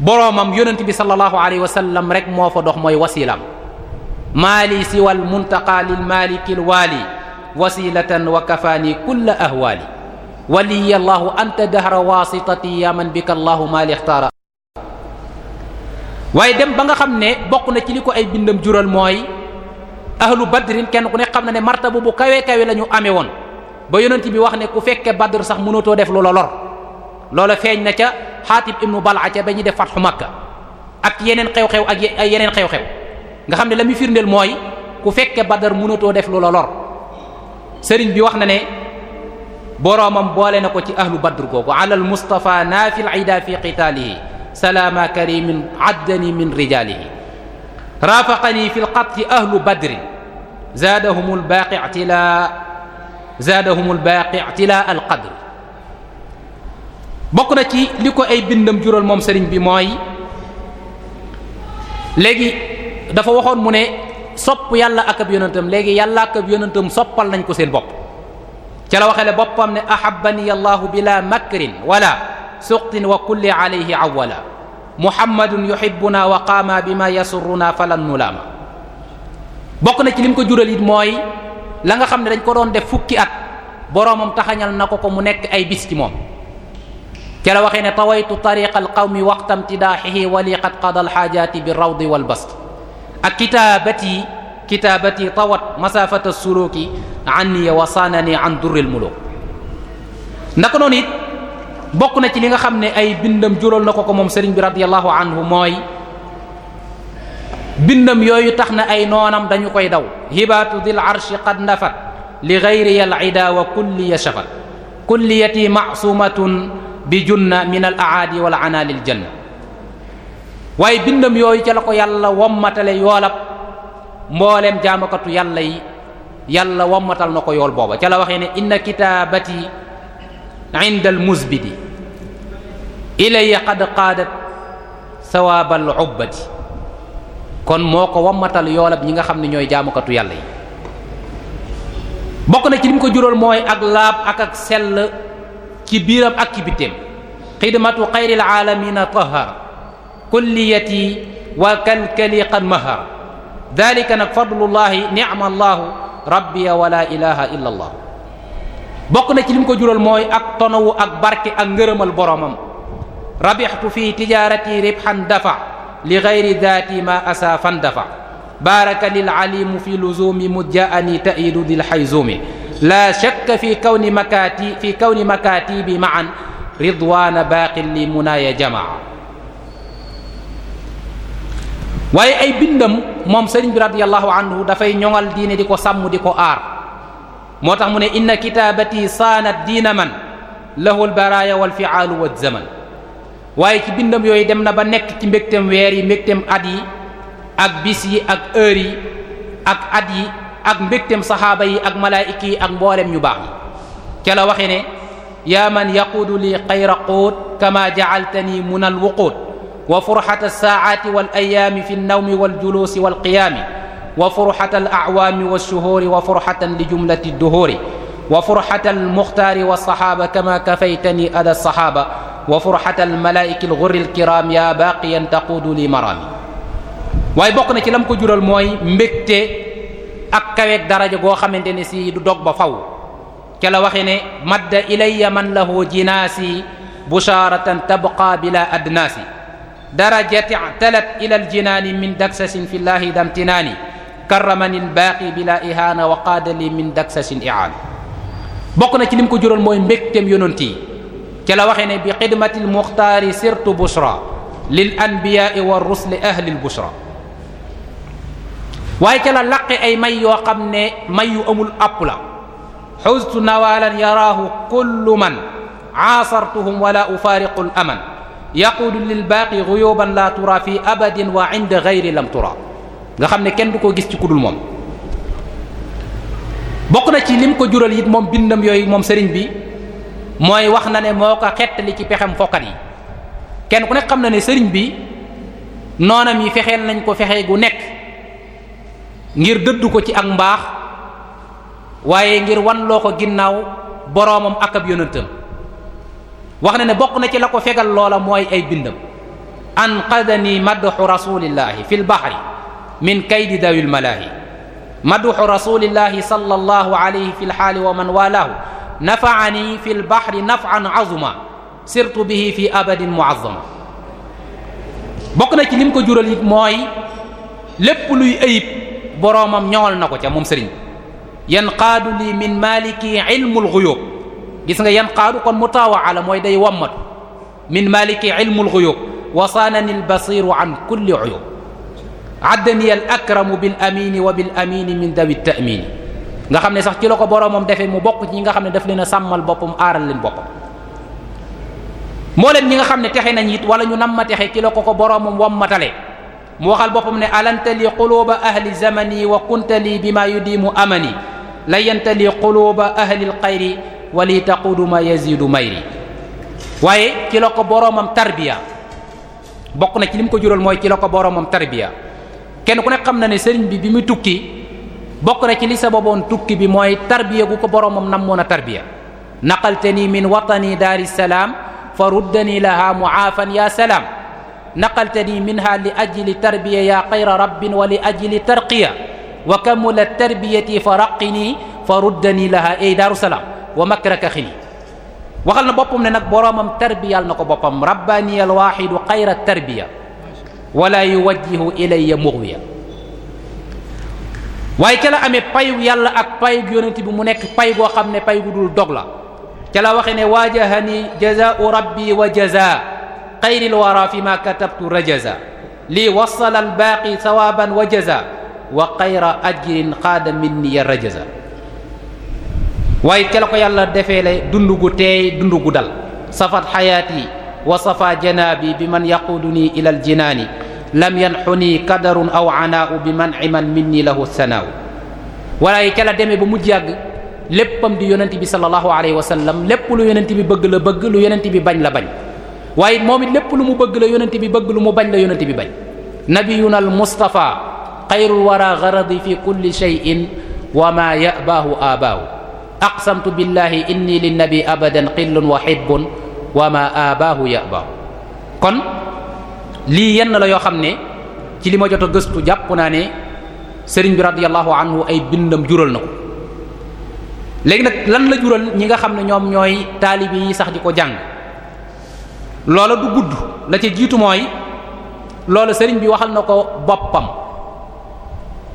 boroomam yonent bi sallallahu alayhi rek moo fa dox mooy wasiilaam maali siwal muntaqa lilmaliki lwaali wasilatan wa kafaani kulla ahwaali waliya allahu anta dahra wasitati ya man bika allahu maali ixtaara waaye dem ba nga xam ne bokk na ci li ay bindam jural mooy ahlu badrin kenn ku ne xam na ne martaba bu kawe kawe la ñu amee woon ba yonent bi wax ne ku fekkee badr sax mënatoo def loola lor loola feeñ na ca xaatib ibnu balaa ca ba ñuy def fatxu makka ak yeneen xew-xew ak yeneen xew-xew nga xam ne la muy firndeel mooy ku fekkee badar mënatoo def loola lor sëriñ bi wax na ne boroomam boole na ko ci ahlu badr googu alal mustafa naafil ida fi qitaalihi salaama karimin addani min rijaalihi raafaqanii fi lqatli ahlu badrin zaadahum lbaaqi tilaa zaadahum lbaaqi tilaa alqadr bokk na ci liko ko ay bindam jural moom sëriñ bi mooy léegi dafa waxoon mu ne sopp yàlla ak ab yonentam léegi yàlla ak ab yonentam soppal nañ ko seen bopp ca la waxee le boppam ne ahabani allahu bila makrin wala suqtin wa kulli alayhi awala muhammadun yuhibbuna wa qaama bi ma yasurruna falan nulaama bokk na ci lim ko jural it mooy la nga xam ne dañ ko doon def fukki at boroom boroomam taxañal na ko ko mu nekk ay bis moom ca la waxee ne tawaytu tariqa alqawmi waqta imtidaaxihi wa li qad qada alxaajaati bi rawdi walbast ak kitaabati kitaabati tawat masaafata suluki anniya wa saanani an durril muluk naka noonu it bokk na ci li nga xam ne ay bindam jural na ko ko moom sëriñ bi radiyallahu anhu mooy bindam yooyu tax na ay noonam dañu koy daw hibaatu dil arshi qad nafat li gayri al ida wa kulliya shafat kulliyati masuumatun bi junna min al aadi wal ana lil janna waaye bindam yooyu ca ko yàlla wommatale yoolab mbooleem jaamakatu yàlla yi yàlla na ko yool booba ca la ne inna kitaabati inda al ilaya qad qaadat sawaabal ubbadi kon moo ko wammatal yoolab ñi nga xam ne ñooy jaamukatu yàlla yi bokk na ci li ko jural mooy ak laab ak ak sell ci biiram ak ci bitteem xidmatu xayril aalamina tahar kulliyati wa kalkali qad mahar dalika nag fadlullahi nicma allahu rabbiya wala ilaha illa allah bokk na ci li ko jural mooy ak tonawu ak barke ak ngërëmal boromam rabixtu fi tijaarati ribxan dafa li gayri daati ma asa fan dafa baaraka lil alimu fi luzuumi mujjaani tayidu dil xayzuumi laa shakka fi kawni makaati fi kawni makaatibi maan ridwaana baaqin li munaaya jamaa waaye ay bindam moom sëriñ bi radiyallahu anhu dafay ñoŋal diine di ko sàmm di ko aar moo tax mu ne saanat diina man lahu lbaraaya walfiaalu wazzaman waaye ci bindam yooyu dem na ba nekk ci mbégteem weer yi mbégteem at yi ak bis yi ak heure yi ak at yi ak mbégteem saxaaba yi ak malaayika yi ak mboolem ñu baax yi ca la waxe ne yaa man yaquudu li xayra quut kama jacaltani mun al wuquut wa furxata alsaaati wal ayaami fi nnawmi waljuluusi walqiyaami wa furxata al acwaami walshuhuuri wa furxatan li jumlati duhuuri wa furxatal muxtaari wa saxaaba kama kafaytani ada saxaaba wa furxatal malaa'ikil xurril kiraam yaa baaqiyan taquudu li maraami waaye bokk na ci lam ko jural mooy mbégte ak kaweeg daraja goo xamante ne si du dog ba faw ca la waxee ne madda ilayya man lahu jinaasi busharatan tabqa bila adnaasi darajati talat ila aljinaani min daksasin fi llahi damtinaani karamani lbaaqi bila ihaana wa qaadali min daksasin iaan bokk na ci lim ko jural mooy mbégteem yonent ca la waxee ne bi xidmatil muxtaari sirtu bushra lil anbiyaai wa rusli ahlil bushra waaye ca laqe ay may yoo xam ne may yu amul àpp la xustu nawaalan yaraahu kullu man aasartuhum wala ufaariqu l aman yaquudu lil baaqi guyuban la tura fi abadin wa inda gayri lam tura nga xam ne kenn du ko gis ci kudul moom bokk na ci lim ko jural it moom bindam yooyu moom sëriñ bi mooy wax na ne moo ko xettali ci pexem fokkat yi kenn ku nekk xam na ne sëriñ bi noonam yi fexeel nañ ko fexe gu nekk ngir dëddu ko ci ak mbaax waaye ngir wan loo ko ginnaaw boroomam ak ab yonentam wax na ne bokk na ci la ko fegal loola mooy ay bindam anqadani madhu rasulillahi fil bahri min kaydi dawil malaahi maduxu rasulillahi sallallahu alayhi fi lxaali wa man walaahu nafaani fi lbaxri nafan azuma sirtu bihi fi abadin muazama bokk na ci lim ko jural it mooy lépp luy ayib boroomam ñoŋal na ko ca moom sëriñ yanqaadu li min maliki ilmul xuyóob gis nga yanqaadu kon mutawaa la mooy day wammatu min maliki ilmul xuyóob wasaanani albasiru an kulli uyub addani al akramu bil amini wa bil amini nga xam ne sax ci la ko boroomam defee mu bokk ci nga xam ne daf leen a boppam aaral leen boppam leen ñi nga xam ne texe nañ it wala ñu nam ma texe ko ko boroomam wammatale mu waxal boppam ne alantali quluba ahli zamani wa kuntali bi ma yudimu amani layantali quluba ahli lxayri wali taqudu ma yazidu mayri waaye ci ko boroomam tarbiya bokk na ci lim ko jural mooy ci la ko boroomam tarbiya kenn ku nekk xam na ne sëriñ bi bi muy tukki bokk na ci li sababoon tukki bi mooy tarbiya gu ko boromam nam moon a tarbiya naqaltani min watani daari salaam fa ruddani laha muaafan ya salaam naqaltani minha li ajli tarbiya ya xayra rabbin wa li ajli tarqiya wa kamula tarbiyati fa raqini fa ruddani laha ay daaru salaam wa makraka xini waxal na boppam ne nag boromam tarbiyal na ko boppam rabbaniyal waaxidu xayra tarbiya wala yuwajjihu ilayya mughwiya waaye ca la amee payu yàlla ak payu yonent bi mu nekk pay goo xam ne pay gu dul dog la ca la waxee ne waajahani jazaau rabbi wa jaza xayril wara fi ma katabtu rajaza lii wasala albaaqi sawaaban wa jaza wa xayra ajrin xaada ya rajaza waaye ca ko yàlla defee le dund gu dal safat xayaat yi wasafa janaabi bi man yaquduni ila aljinaani lam yanxuni kadarun aw anaau bi manci man minni lahu sanaaw walaaye ca la demee ba mujj yàgg léppam di yonent bi sallallahu alayhi wa sallam lépp lu yonent bi bëgg la bëgg lu yonent bi bañ la bañ waaye moom it lépp lu mu bëgg la yonent bi bëgg lu mu bañ la yonent bi bañ nabiyuna al mustafa xayrul wara garadi fi kulli cheyin wa ma yabaahu aabaahu aqsamtu billahi inni linnabi abadan qillun wa hibbun wa ma abaahu yabaahu kon lii yenn la yoo xam ne ci li ma jot a gëstu jàpp naa ne sëriñ bi radiyallahu anhu ay bindam jural na ko léegi nag lan la jural ñi nga xam ne ñoom ñooy taalibe yi sax di ko jàng loola du gudd la ca jiitu mooy loola sëriñ bi waxal na ko boppam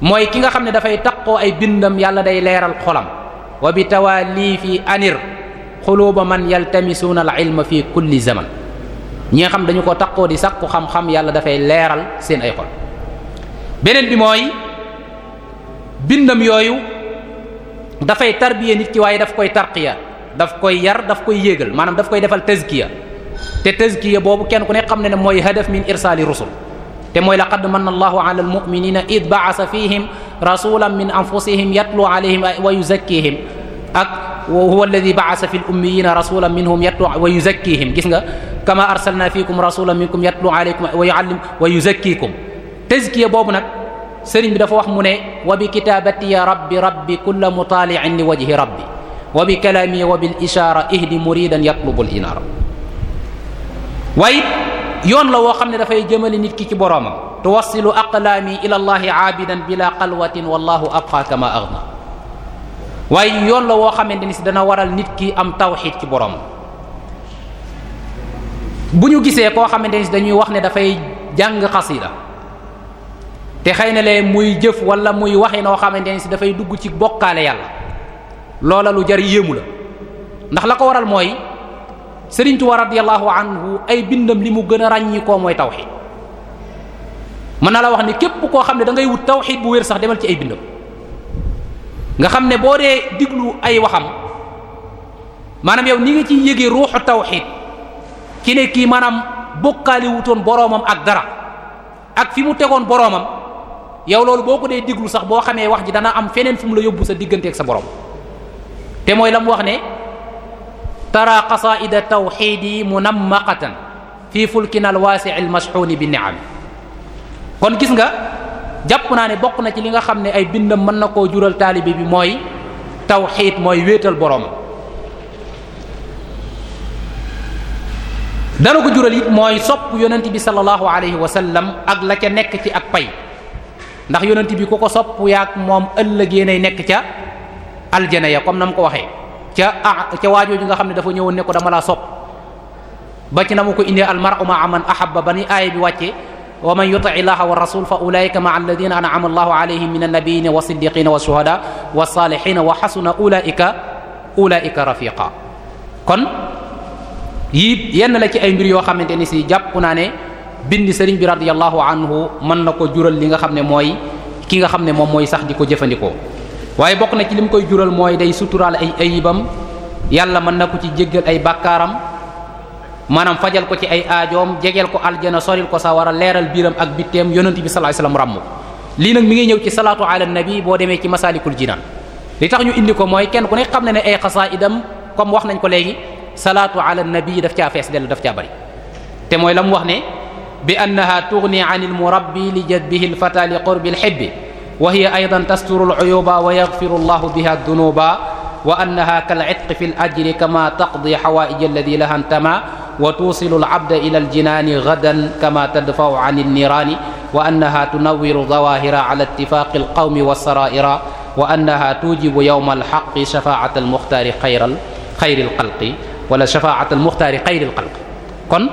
mooy ki nga xam ne dafay taqoo ay bindam yàlla day leeral xolam wa bi tawaalifi anir xuluuba man yaltamisuuna al ilma fi kulli zaman ñi nga xam dañu ko taqoo di sàkku xam-xam yàlla dafay leeral seen ay xol beneen bi mooy bindam yooyu dafay tarbiya nit ki waaye daf koy tarqiya daf koy yar daf koy yéegal maanaam daf koy defal tazkiya te tazkiya boobu kenn ku ne xam ne na mooy hadaf min irsaali rusul te mooy laqad manna allahu ala id baasa fihim rasulan min anfusihim yatlu alayhim wa yuzakkihim ak wa huwa alladi ba'asa fil ummiyina rasulan minhum yatlu wa yuzakkihim gis nga kama arsalna fiikum rasulan minkum yatlu alaykum wa yuallim wa yuzakkikum tazkiya boobu nag sëriñ bi dafa wax mu ne wa bi kitaabati ya rabbi rabbi kulla mutaali'in li wajhi rabbi wa bi kalaami wa bil ishaara ihdi muridan yatlubul inaara waaye yoon la woo xam ne dafay jëmale nit ki ci boroomam tuwassilu aqlaami ila allahi aabidan bila qalwatin wallahu abqa kama aghna waaye yoon la woo xamante ni si dana waral nit ki am tawxiid ci borom bu ñu gisee koo xamante ni si dañuy wax ne dafay jàng xasida te xëy na leen muy jëf wala muy waxe noo xamante ni si dafay dugg ci bokkaale yàlla loola lu jar yéemu la ndax la ko waral mooy Sëriñ Tuubaa radiyallahu anhu ay bindam li mu gën a ràññi koo mooy tawxiid mën na la wax ni képp koo xam ne da ngay wut tawxiid bu wér sax demal ci ay bindam. nga xam ne boo dee diglu ay waxam maanaam yow ni nga ciy yëgee ruuxu tawxid ci ne kii maanaam bokkaali wutoon boroomam ak dara ak fi mu tegoon boroomam yow loolu boo ko dee diglu sax boo xamee wax ji dana am feneen fu mu la yóbbu sa digganteeg sa borom te mooy la mu wax ne tara qasaida tawxidi munammaqatan fi fulkina alwaasii almasxuuni bi niam kon gis nga jàpp naa ne bokk na ci li nga xam ne ay bindam mën na koo jural taalibe bi mooy tawxiid mooy wéetal borom dana ko jural it mooy sopp yonent bi sallallahu alayhi wa ak la ca nekk ci ak pay ndax yonent bi ku ko sopp yaag moom ëllëg yéenay nekk ca aljana ya comme na mu ko waxee ca ah ca waajooju nga xam ne dafa ñëwoon ne ko dama laa sopp ba ci na mu ko indee almaru maa man ahabba ba ni aaya bi wàcce wa man yuti illaha wa rasul fa ulaika maa alladina an'ama allahu alayhim min annabiyina wa siddiqina wa shuhada wa salihina wa xasuna ulaika ulaika rafiqa kon yii yenn la ci ay mbir yoo xamante ni si jàpp naa ne bindi sëriñ bi radiallahu anhu mën na ko jural li nga xam ne mooy ki nga xam ne moom mooy sax di ko jëfandikoo waaye bokk na ci li mu koy jural mooy day suturaal ay ayibam yàlla mën na ko ci jéggal ay bàkkaaram maanaam fajal ko ci ay aajoom jegeel ko aljana soril ko sawara leeral biiram ak bitteem yonent bi sallallahu alayhi wasallam ràmm lii nag mi ngay ñëw ci salaatu ala nabi boo demee ci masalikul jinaan li tax ñu indi ko mooy kenn ku ne xam ne ne ay xasaidam comme wax nañ ko léegi salaatu ala nabi daf caa fees dellu daf ca bëri te mooy la mu wax ne bi annaha tughni an almurabbi li jadbihi alfata li qurbi alhibbi wa hiya aydan tasturu aluyuba wa yaghfiru allahu biha dunuba wa annaha kal itqi fi al ajri kama taqdi hawaij alladi laha antama wa tuusilu al abda ila al jinaani gadan kama tadfau an al niiraani wa annaha ala ittifaaqi al wa saraira wa annaha tuujibu yowma al xaqi shafaat al muxtaari xayral wala shafaat al muxtaari xayri al xalqi kon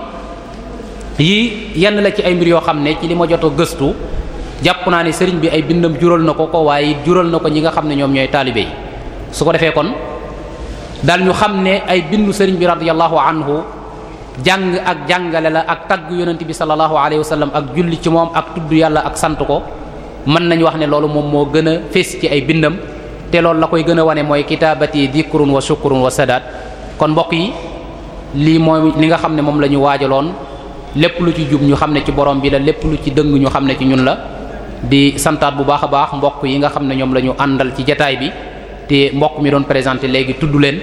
yii yenn la ci ay mbir yoo xam ne ci li ma jot a gëstu naa ne sëriñ bi ay bindam jural na ko ko waaye jural na ko ñi nga xam ne ñoom ñooy taalibe jàng ak jàngale la ak tagg yonent bi sallallahu alayhi wa sallam ak julli ci moom ak tudd yàlla ak sant ko mën nañu wax ne loolu moom moo gën a fees ci ay bindam te loolu la koy gën a wane mooy kitaabati dikrun wa shukrun wa sadaat kon mbokk yi lii mooy li nga xam ne moom la ñu waajaloon lépp lu ci jub ñu xam ne ci borom bi la lépp lu ci dëng ñu xam ne ci ñun la di santaat bu baax a baax mbokk yi nga xam ne ñoom la ñu àndal ci jataay bi te mbokk mi doon présenté léegi tudd leen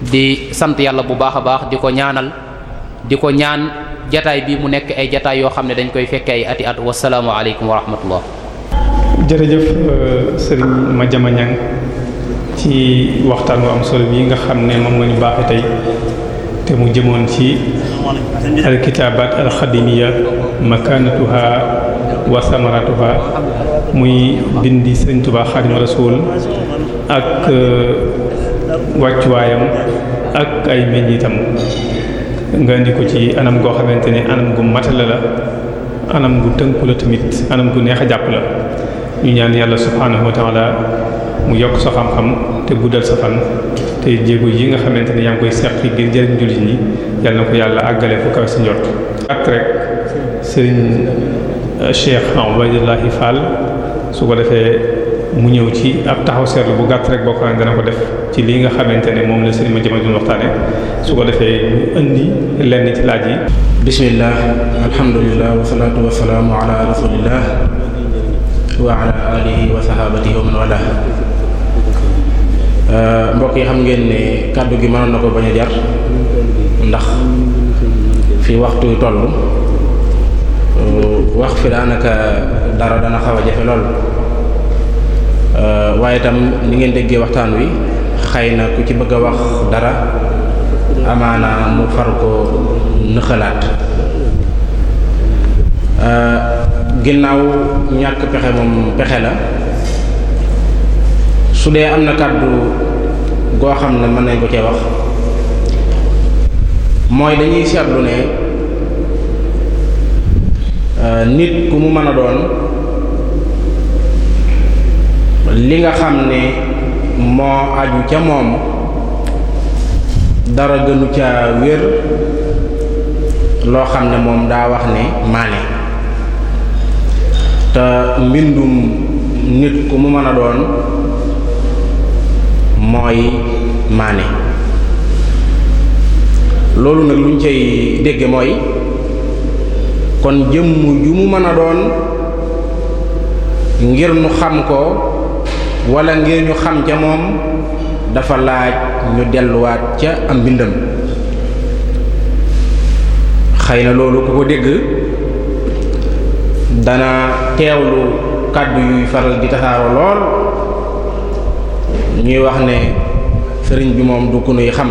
di sant yàlla bu baax a baax di ko di ko ñaan jataay bi mu nekk ay jataay yoo xam ne dañ koy fekkee ati at wasalaamu aleykum wa rahmatullah jërëjëf euh, sëriñ Madiama Niang ci waxtaan wu am solo bi nga xam ne moom nga ñu baaxe tey te mu jëmoon ci alkitaabaat alxadimiya makaanatuha wa samaratuha muy bindi sëriñ Tuubaa Xaadimu Rasuul ak euh, wàccuwaayam ak ay meññitam nga indi ko ci anam goo xamante ne anam gu matala la anam gu tënku la tamit anam gu neex a jàpp la ñu ñaan yàlla subhaanahu wa ta'ala mu yokk sa xam-xam te guddal sa fan te jéego yi nga xamante ni yaa ngi koy seq ngir jëriñ jullit yi yàlla na ko yàlla àggale fu kaw si njort ak rek sëriñ Cheikh Abdoulaye Fall su ko defee mu ñëw ci ab taxaw seetlu bu gàtt rek boo ko dana ko def ci lii nga xamante ne moom la sëriñ ma jëma doon waxtaane su ko defee ñu indi lenn ci laaj yi bismillah alhamdulilah wasalaatu wasalaamu ala rasulillah wa ala alihi wa sahabatihi wa man wala euh, mbokk yi xam ngeen ne kàddu gi mënoon na ko bañ a jar ndax fi waxtu yu toll euh, wax fi daanaka dara dana xaw a jafe lool Euh, waaye tam ni ngeen déggee waxtaan wi xëy na ku ci bëgg a wax dara amaana mu far ko nëxalaat euh, ginnaaw ñàkk pexe moom pexe la su dee am na kàddu goo xam ne mën nañ ko cee wax mooy dañuy seetlu ne euh, nit ku mu mën a doon li nga xam ne moo aju ca moom dara gënu ca wér loo xam ne moom daa wax ne maane te mbindum nit ku mu mën a doon mooy maane loolu nag luñ cay dégge mooy kon jëmm ju mu mën a doon ngir nu xam ko wala ngir ñu xam ca moom dafa laaj ñu delluwaat ca am mbindam xëy na loolu ku ko dégg dana teewlu kàddu yuy faral di tasaaroo lool ñuy wax ne sëriñ bi moom du ku nuy xam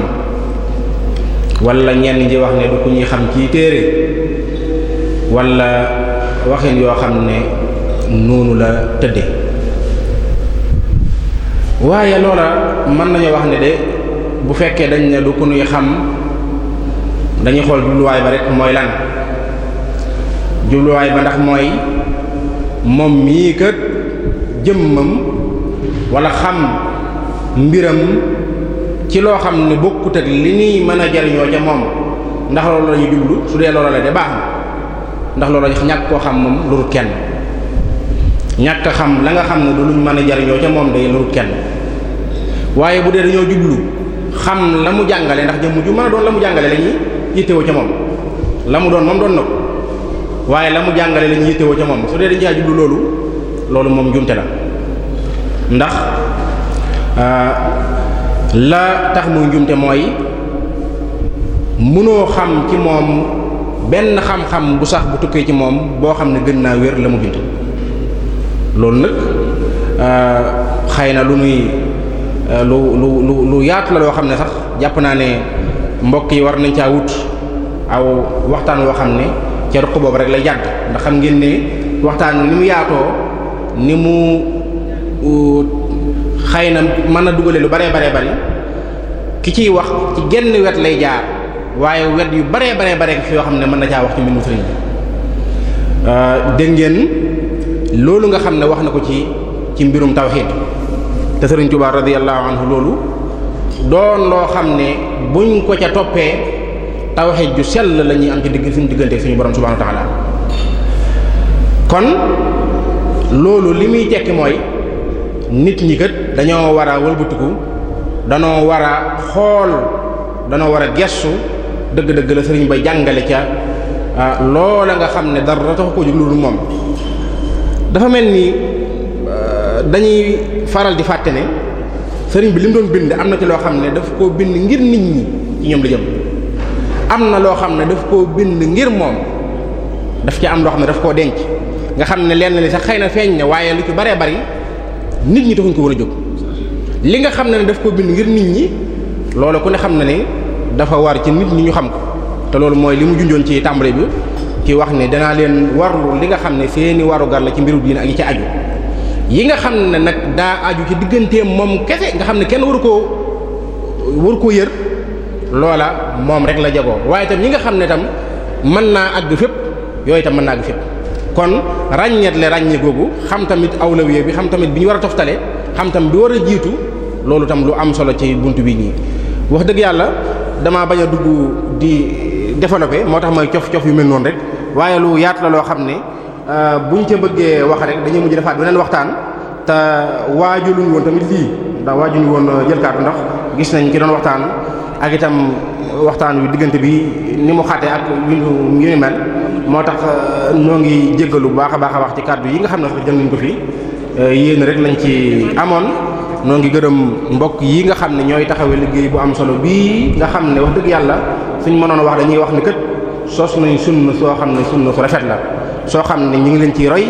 wala ñenn ji wax ne du ku ñuy xam ciy téere wala waxin yoo xam ne noonu la tëdde waaye loola mën nañu wax ne de bu fekkee dañ ne du ku nuy xam dañuy xool jubluwaay ba rekk mooy lan jubluwaay ba ndax mooy moom mii kat jëmmam wala xam mbiram ci loo xam ne bokkut ak li ñuy mën a jariñoo ca moom ndax loolu la ñuy jublu su dee loola la de baax na ndax loolu la ñàkk koo xam moom lurut kenn ñàkk xam la nga xam ne du luñ mën a jariñoo ca moom day lurut kenn waaye bu dee dañoo jublu xam la mu jàngale ndax jëmm ju mën a doon la mu jàngale la ñuy yittewoo ca moom la mu doon moom doon na la mu jàngale la ñuy ca moom su dee dañ caa jublu loolu loolu moom njumte la ndax euh, la tax muy njumte mooy mënoo xam ci moom benn xam-xam bu sax bu tukkee ci moom boo xam ne gën naa wér la mu bind loolu nag euh, xëy na lu muy Euh, lu lu lu lu yaatu la loo xam ne sax jàpp naa ne mbokk yi war nañ caa wut aw waxtaan woo xam ne ca ruq boobu rek lay yàgg ndax xam ngeen ni waxtaan ni mu yaatoo ni mu xëy na mën na dugale lu baree baree bari ki ciy wax ci genn wet lay jaar waaye wet yu baree baree bare fi yoo xam ne mën na caa wax ci mbindum sëriñ bi euh, dégg ngeen loolu nga xam ne wax na ko ci ci mbirum tawxiid te Serigne Touba radiyallahu anhu loolu doon loo xam ne buñ ko ca toppee tawhid ju sell la ñuy am ci digg suñu diggante suñu borom subhanahu wa ta'ala kon loolu li muy tekki mooy nit ñi kat dañoo war a wëlbatiku danoo war a xool danoo war a gestu dëgg-dëgg la sëriñ ba jàngale ca ah, loola nga xam ne dara taxu ko jóg loolu moom dafa mel ni ah, dañuy faral di fàtte ne sëriñ bi li mu doon bind am na ci loo xam ne dafa koo bind ngir nit ñi ci ñoom la jëm am na loo xam ne daf ko bind ngir moom daf ci am loo xam ne daf koo denc nga xam ne lenn li sax xëy na feeñ na waaye lu ci baree bari nit ñi taxuñ ko war a jóg li nga xam ne daf koo bind ngir nit ñi loolu ku ne xam na ne dafa war ci nit ñi ñu xam ko te loolu mooy li mu junjoon ci tàmbali bi ci wax ne danaa leen warlu li nga xam ne seeni warugar la ci mbiru diine ak yi ci aju yi nga xam ne nag daa aju ci digganteem moom kese nga xam ne kenn waru ko waru koo yër loola moom rek la jagoo waaye itam yi nga xam ne tam mën naa àgg fépp yooyu tam mën naa àgg fépp kon ràññeetle le ràññe googu xam tamit aw awlawiya bi xam tamit bi ñu war a toftale xam tam bi war a jiitu loolu tam lu am solo ci bunt bi nii wax dëgg yàlla damaa bañ a dugg di développer moo tax may cof cof yu mel noonu rek waaye lu yaatu la loo xam ne Euh, bu ñu ca bëggee wax rek dañuy mujj defaat beneen waxtaan te waajuluñ woon tamit lii ndax waajuñu woon euh, jël kàddu ndax gis nañ ci doon waxtaan ak itam waxtaan wi diggante bi ni mu xaatee ak yu ni mel moo tax ñoo euh, ngi jéggalu baax a baax a wax ci kàddu yi nga xam ne sax jël nañ ko fi yéen rek lañ ci amoon noo ngi gërëm mbokk yi nga xam ne ñooy taxawee liggéey bu am solo bii nga xam ne wax dëgg yàlla suñ mënoon wax dañuy wax ni kët sos nañ sunna soo xam ne sunna su rafet la soo xam ne ñu ngi leen ciy roy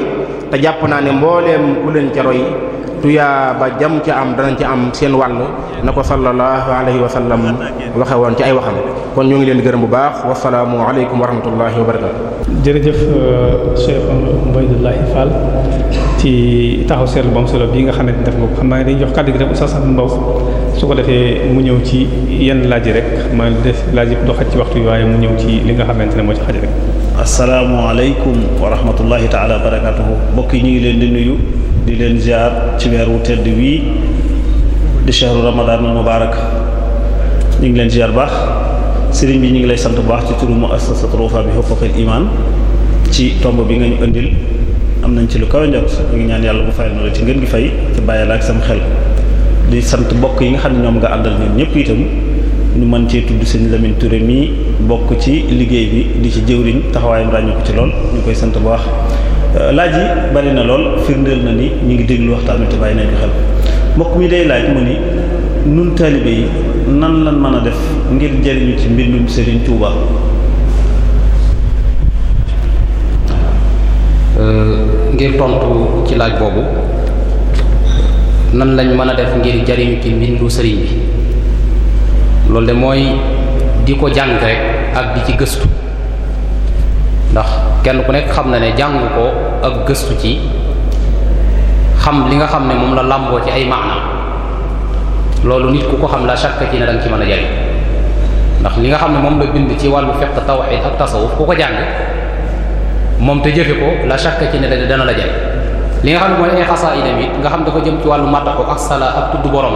te jàpp naa ne mbooleem ku leen ca roy tuyaa ba jam ca am danañ ca am seen wàll na ko sallallahu alayhi wa sallam waxe woon ci ay waxam kon ñoo ngi leen gërëm bu baax wasalaamu aleykum wa rahmatullahi wa barakatu jërëjëf euh, Cheikh Mbaydullahi Fall ci taxaw seetlu ba am solo bii nga xamante ni def nga ko xam naa dañuy jox kàddu gi rek oustaz Abdou Mbow su ko defee mu ñëw ci yenn laaj yi rek ma def laaj yëpp doo xaj ci waxtu yi waaye mu ñëw ci li nga xamante ne moo ci xaj rek. asalaamaaleykum wa rahmatullahi taala wa barakatuhu mbokk yi ñu ngi leen di nuyu di leen ziar ci weer wu tedd wii di shahru ramadanul mubarak ñu ngi leen ziar baax sëriñ bi ñu ngi lay sant bu baax ci turu muassasatu Ruufa bi Hubbil Iman ci tomb bi nga ñu indil. am nañ ci lu kawe njot ñu ngi ñaan yàlla bu fayal na la ci ngeen gi fay ci bàyyi la ak sam xel di sant bokk yi nga xam ne ñoom nga àndal ñoom ñëpp itam ñu mën cee tudd seen Lamine Touré mii bokk ci liggéey bi di ci jëwriñ taxawaayam ràññu ko ci lool ñu koy sant bu baax euh, laaj yi bari na lool firndeel na ni ñu ngi déglu waxtaan wi te bàyyi nañu xel mbokk mi day laaj mu ni nun taalibe yi nan lan mën a def ngir jëriñu ci mbindum Serigne Touba Euh, ngir tontu ci laaj boobu nan lañ mën a def ngir jariñ ci mbindu sëriñ bi loolu de mooy di ko jàng rek ak di ci gëstu ndax kenn ku nekk xam na ne jàng ko ak gëstu ci xam li nga xam ne moom la làmboo ci ay maana loolu nit ku ko xam la chaque ci ne danga ci mën a jariñ ndax li nga xam ne moom la bind ci wàllu fiqh tawhid ak tasawuf ku ko jàng moom te jëfe ko la chaque ci ne dana la jël li nga xam ne mooy ay xasaayidam it nga xam dafa jëm ci wàllu màtta ak sala ak tudd borom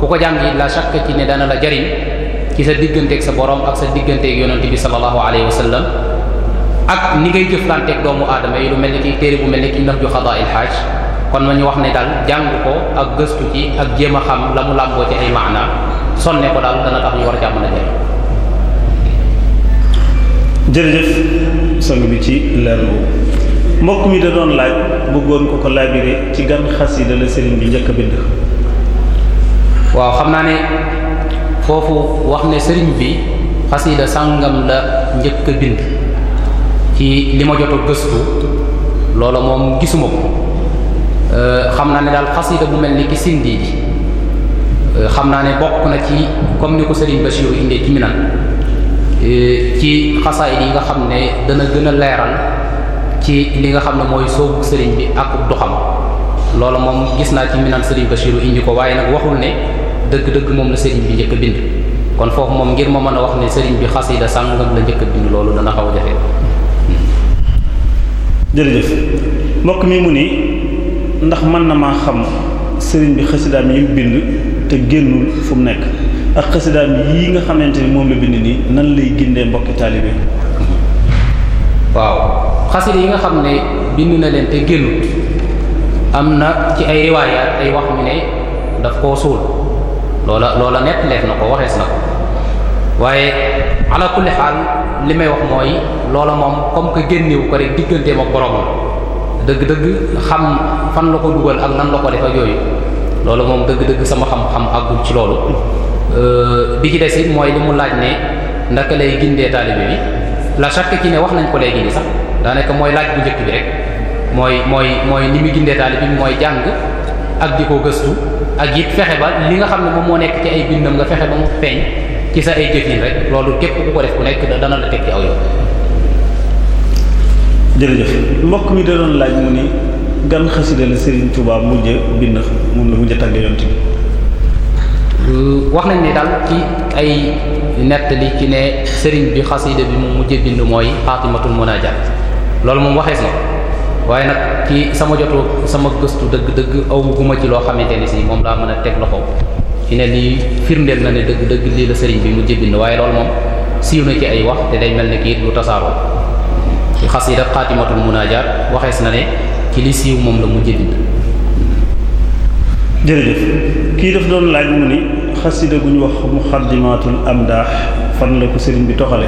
ku ko jàng it la chaque ci dana la jariñ ci sa digganteek sa borom ak sa digganteeg yonent bi sallallahu alayhi wa sallam ak ni ngay jëflanteeg doomu aadama yi lu mel ni kii téere bu mel ne ki ndax ju xadaa il kon ma ñu wax ne daal jàng ko ak gëstu ci ak jéem a xam la mu làmboo ci ay maana sonne ko daal dana tax ñu war a jàmm jërëjëf sang bi ci leer boobu mbokk mi da doon laaj bëggoon ko ko laabire ci gan xasida la sëriñ bi njëkk bind. waaw xam naa ne foofu wax ne sëriñ bi xasida sàngam la njëkk a bind ci li ma jot a gëstu loola moom gisuma ko euh, xam naa ne daal xasida bu mel ni ki sindi euh, xam naa ne bokk na ci comme ni ko sëriñ Bachir indee ci minan Eh, ci xasaay yi nga xam ne dana gën a leeral ci li nga xam ne mooy soobu sëriñ bi ak doxam loolu moom gis naa ci minaan sëriñ Bachiru indi ko waaye nag waxul ne dëkk dëkk moom la sëriñ bi njëkk a bind kon foofu moom ngir ma mën a wax ne sëriñ bi xasida sàngam la njëkk a bind loolu dana xaw a jafe mbokk mi mu ni ndax mën na maa xam sëriñ bi xasidaam yi bind te génnul fu mu nekk ak xasidaam yii nga xamante ni moom la bind nii nan lay gindee mbokki taalibe waaw xasida yi nga xam ne bind na leen te génnut am na ci ay riwaayaat ay wax mi ne daf koo suul loola loola nett leef na ko waxees na ko waaye ala kulli xaal li may wax mooy loola moom comme que génnewu ko rek digganteem ak borom dëgg-dëgg xam fan la ko dugal ak nan la ko def ak yooyu loolu moom dëgg-dëgg sama xam-xam àggul ci loolu Euh, bi ci des it mooy li mu laaj ne ndaka lay gindee taalibe bi la chaque ki ne wax nañ ko léegi nii sax daanaka mooy laaj bu njëkk bi rek mooy mooy mooy ni mu gindee taalibe bi mooy jàng ak di ko gëstu ak it fexe ba li nga xam ne moom moo nekk ci ay bindam nga fexe ba mu feeñ ci sa ay jëfin rek loolu képp ku ko def ku nekk dana la teg ci aw yoon. jërëjëf mbokk mi da doon laaj mu ni gan xasida la Serigne Touba mujj bind moom la mujj tàggee yoon bi. Euh, wax nañ ne daal ci ay nettali ci ne sëriñ bi xasida bi mu mujj bind mooy xaatimatul munaajaat loolu moom waxees na waaye nag ci sama jotu sama gëstu dëgg-dëgg aw guma ci loo xamante ni si moom laa mën a teg loxo ci ne lii firndeel na ne dëgg-dëgg lii la sëriñ bi mujj bind waaye loolu moom siiw na ci ay wax te day mel ne kii lu tasaaroo ci xasida xaatimatul munaajaat waxees na ci li siiw moom la mujj bind jërëjëf kii daf doon laaj mu ni xasida gu ñu wax am amdaax fan la ko sëriñ bi toxale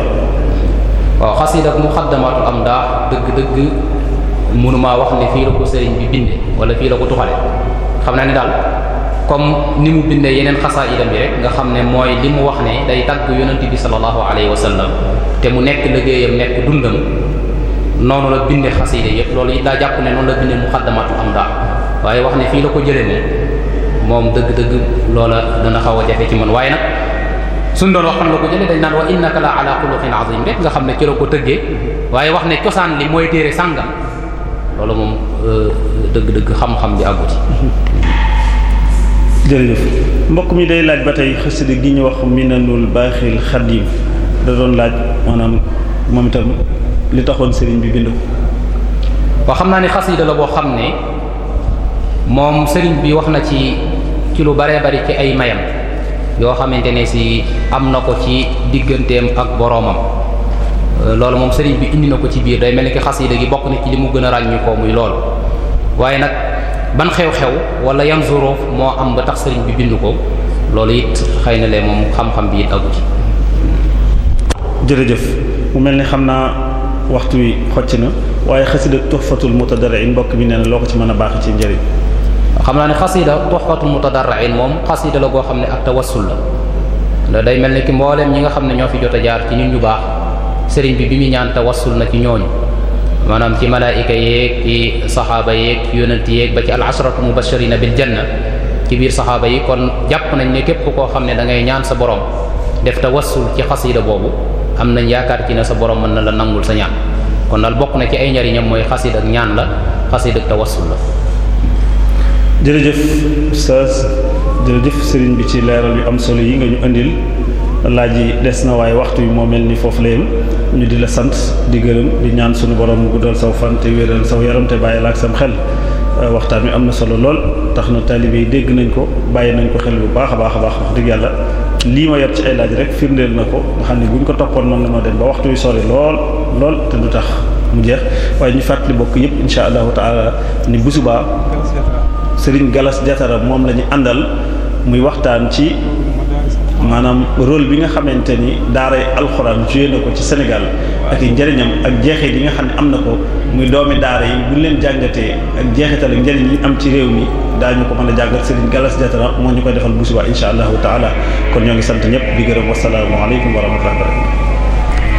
waaw xasida gu muxaddamaatul amdaax dëgg-dëgg mënumaa wax ne fii la ko sëriñ bi binde wala fii la ko toxale xam naa ni daal comme ni mu bindee yeneen xasaayidam yi rek nga xam ne mooy li mu wax ne day tàgg yonent bi sallallahu alayhi wa sallam te mu nekk liggéeyam nekk dundam noonu la bindee xasida yëpp loolu it daa jàpp ne noonu la binde muxaddamaatul amdaax waaye wax ne fii la ko jëlee ne moom dëgg-dëgg loola dana xaw a jafe ci man waaye nag suñ doon wax fan la ko jëlee dañ naan wa innaka la ala xuluqin azim rek nga xam ko tëggee waaye wax ne cosaan li mooy téere sàngam loolu moom euh, dëgg-dëgg xam-xam bi àggu ci jërëjëf mbokk mi day laaj ba tey xasida gi ñu wax minanul baaxil xadim da doon laaj maanaam moom itam li taxoon sëriñ bi bind ko waaw xam naa ne xasida la boo xam ne moom sëriñ bi wax na ci ci lu baree bari ci ay mayam yoo xamante ne si am na ko ci digganteem ak boroomam euh, loolu moom sëriñ bi indi na ko ci biir day mel ni ki xasiida gi bokk na ci li mu gën a ràññu ko muy loolu waaye nag ban xew-xew wala yan zuróof moo am ba tax sëriñ bi bind ko loolu it xëy na lee moom xam-xam bi it agu ci jërëjëf mu mel ni xam naa waxtu wi xocc na waaye xasida tuhfatul mutadarrin mbokk bi nee na loo ko ci mën a baax ci njëriñ xam naa ne xasida tuhfatul mutadarrin moom xasida la goo xam ne ak tawassul la day mel ni ki mbooleem ñi nga xam ne ñoo fi jot a jaar ci ñun ñu baax sëriñ bi bi mu ñaan tawassul na ci ñooñu maanaam ci malaayika yeeg ci saxaaba yeeg ci yonent yeeg ba ci al ashratu mubashirina bil janna ci biir saxaaba yi kon jàpp nañ ne képp koo xam ne da ngay ñaan sa borom def tawassul ci xasida boobu am nañ yaakaar ci ne sa borom mën na la nangul sa ña kon daal bokk na ci ay njariñam mooy xasida ak ñaan la xasida ak tawassul la jërëjëf oustaz jërëjëf sëriñ bi ci leeral yu am solo yi nga ñu indil laaj yi des na waaye waxtu yi moo mel ni foofu la ñu di la sant di gërëm di ñaan suñu borom mu guddal saw fan te wéeral saw yaram te bàyyi la ak sam xel euh, waxtaan wi am na solo lool tax na taalibe yi dégg nañ ko bàyyi nañ ko xel bu baax a baax a baax wax dëgg yàlla lii ma yar ci ay laaj rek firndeel na ko xam ne buñ ko toppoon mën na noo dem ba waxtu yu sori lool lool te du tax mu jeex waaye ñu fàttali bokk yëpp incha allahu taala ni bu Serigne Gallas Diatara moom la ñu àndal muy waxtaan ci maanaam rôle bi nga xamante ni daara daaray alxuraan joué na ko ci senegal ak i njëriñam ak jeexit yi nga xam ne am na ko muy doomi daara yi bu leen jàngatee ak jeexital ak njëriñ yi am ci réew mi daa ñu ko mën a jàngat Serigne Gallas Diatara moo ñu ko defal bu subaa incha allah taala kon ñoo ngi sant ñëpp di gërëm wasalaamualeykum wa rahmatullahi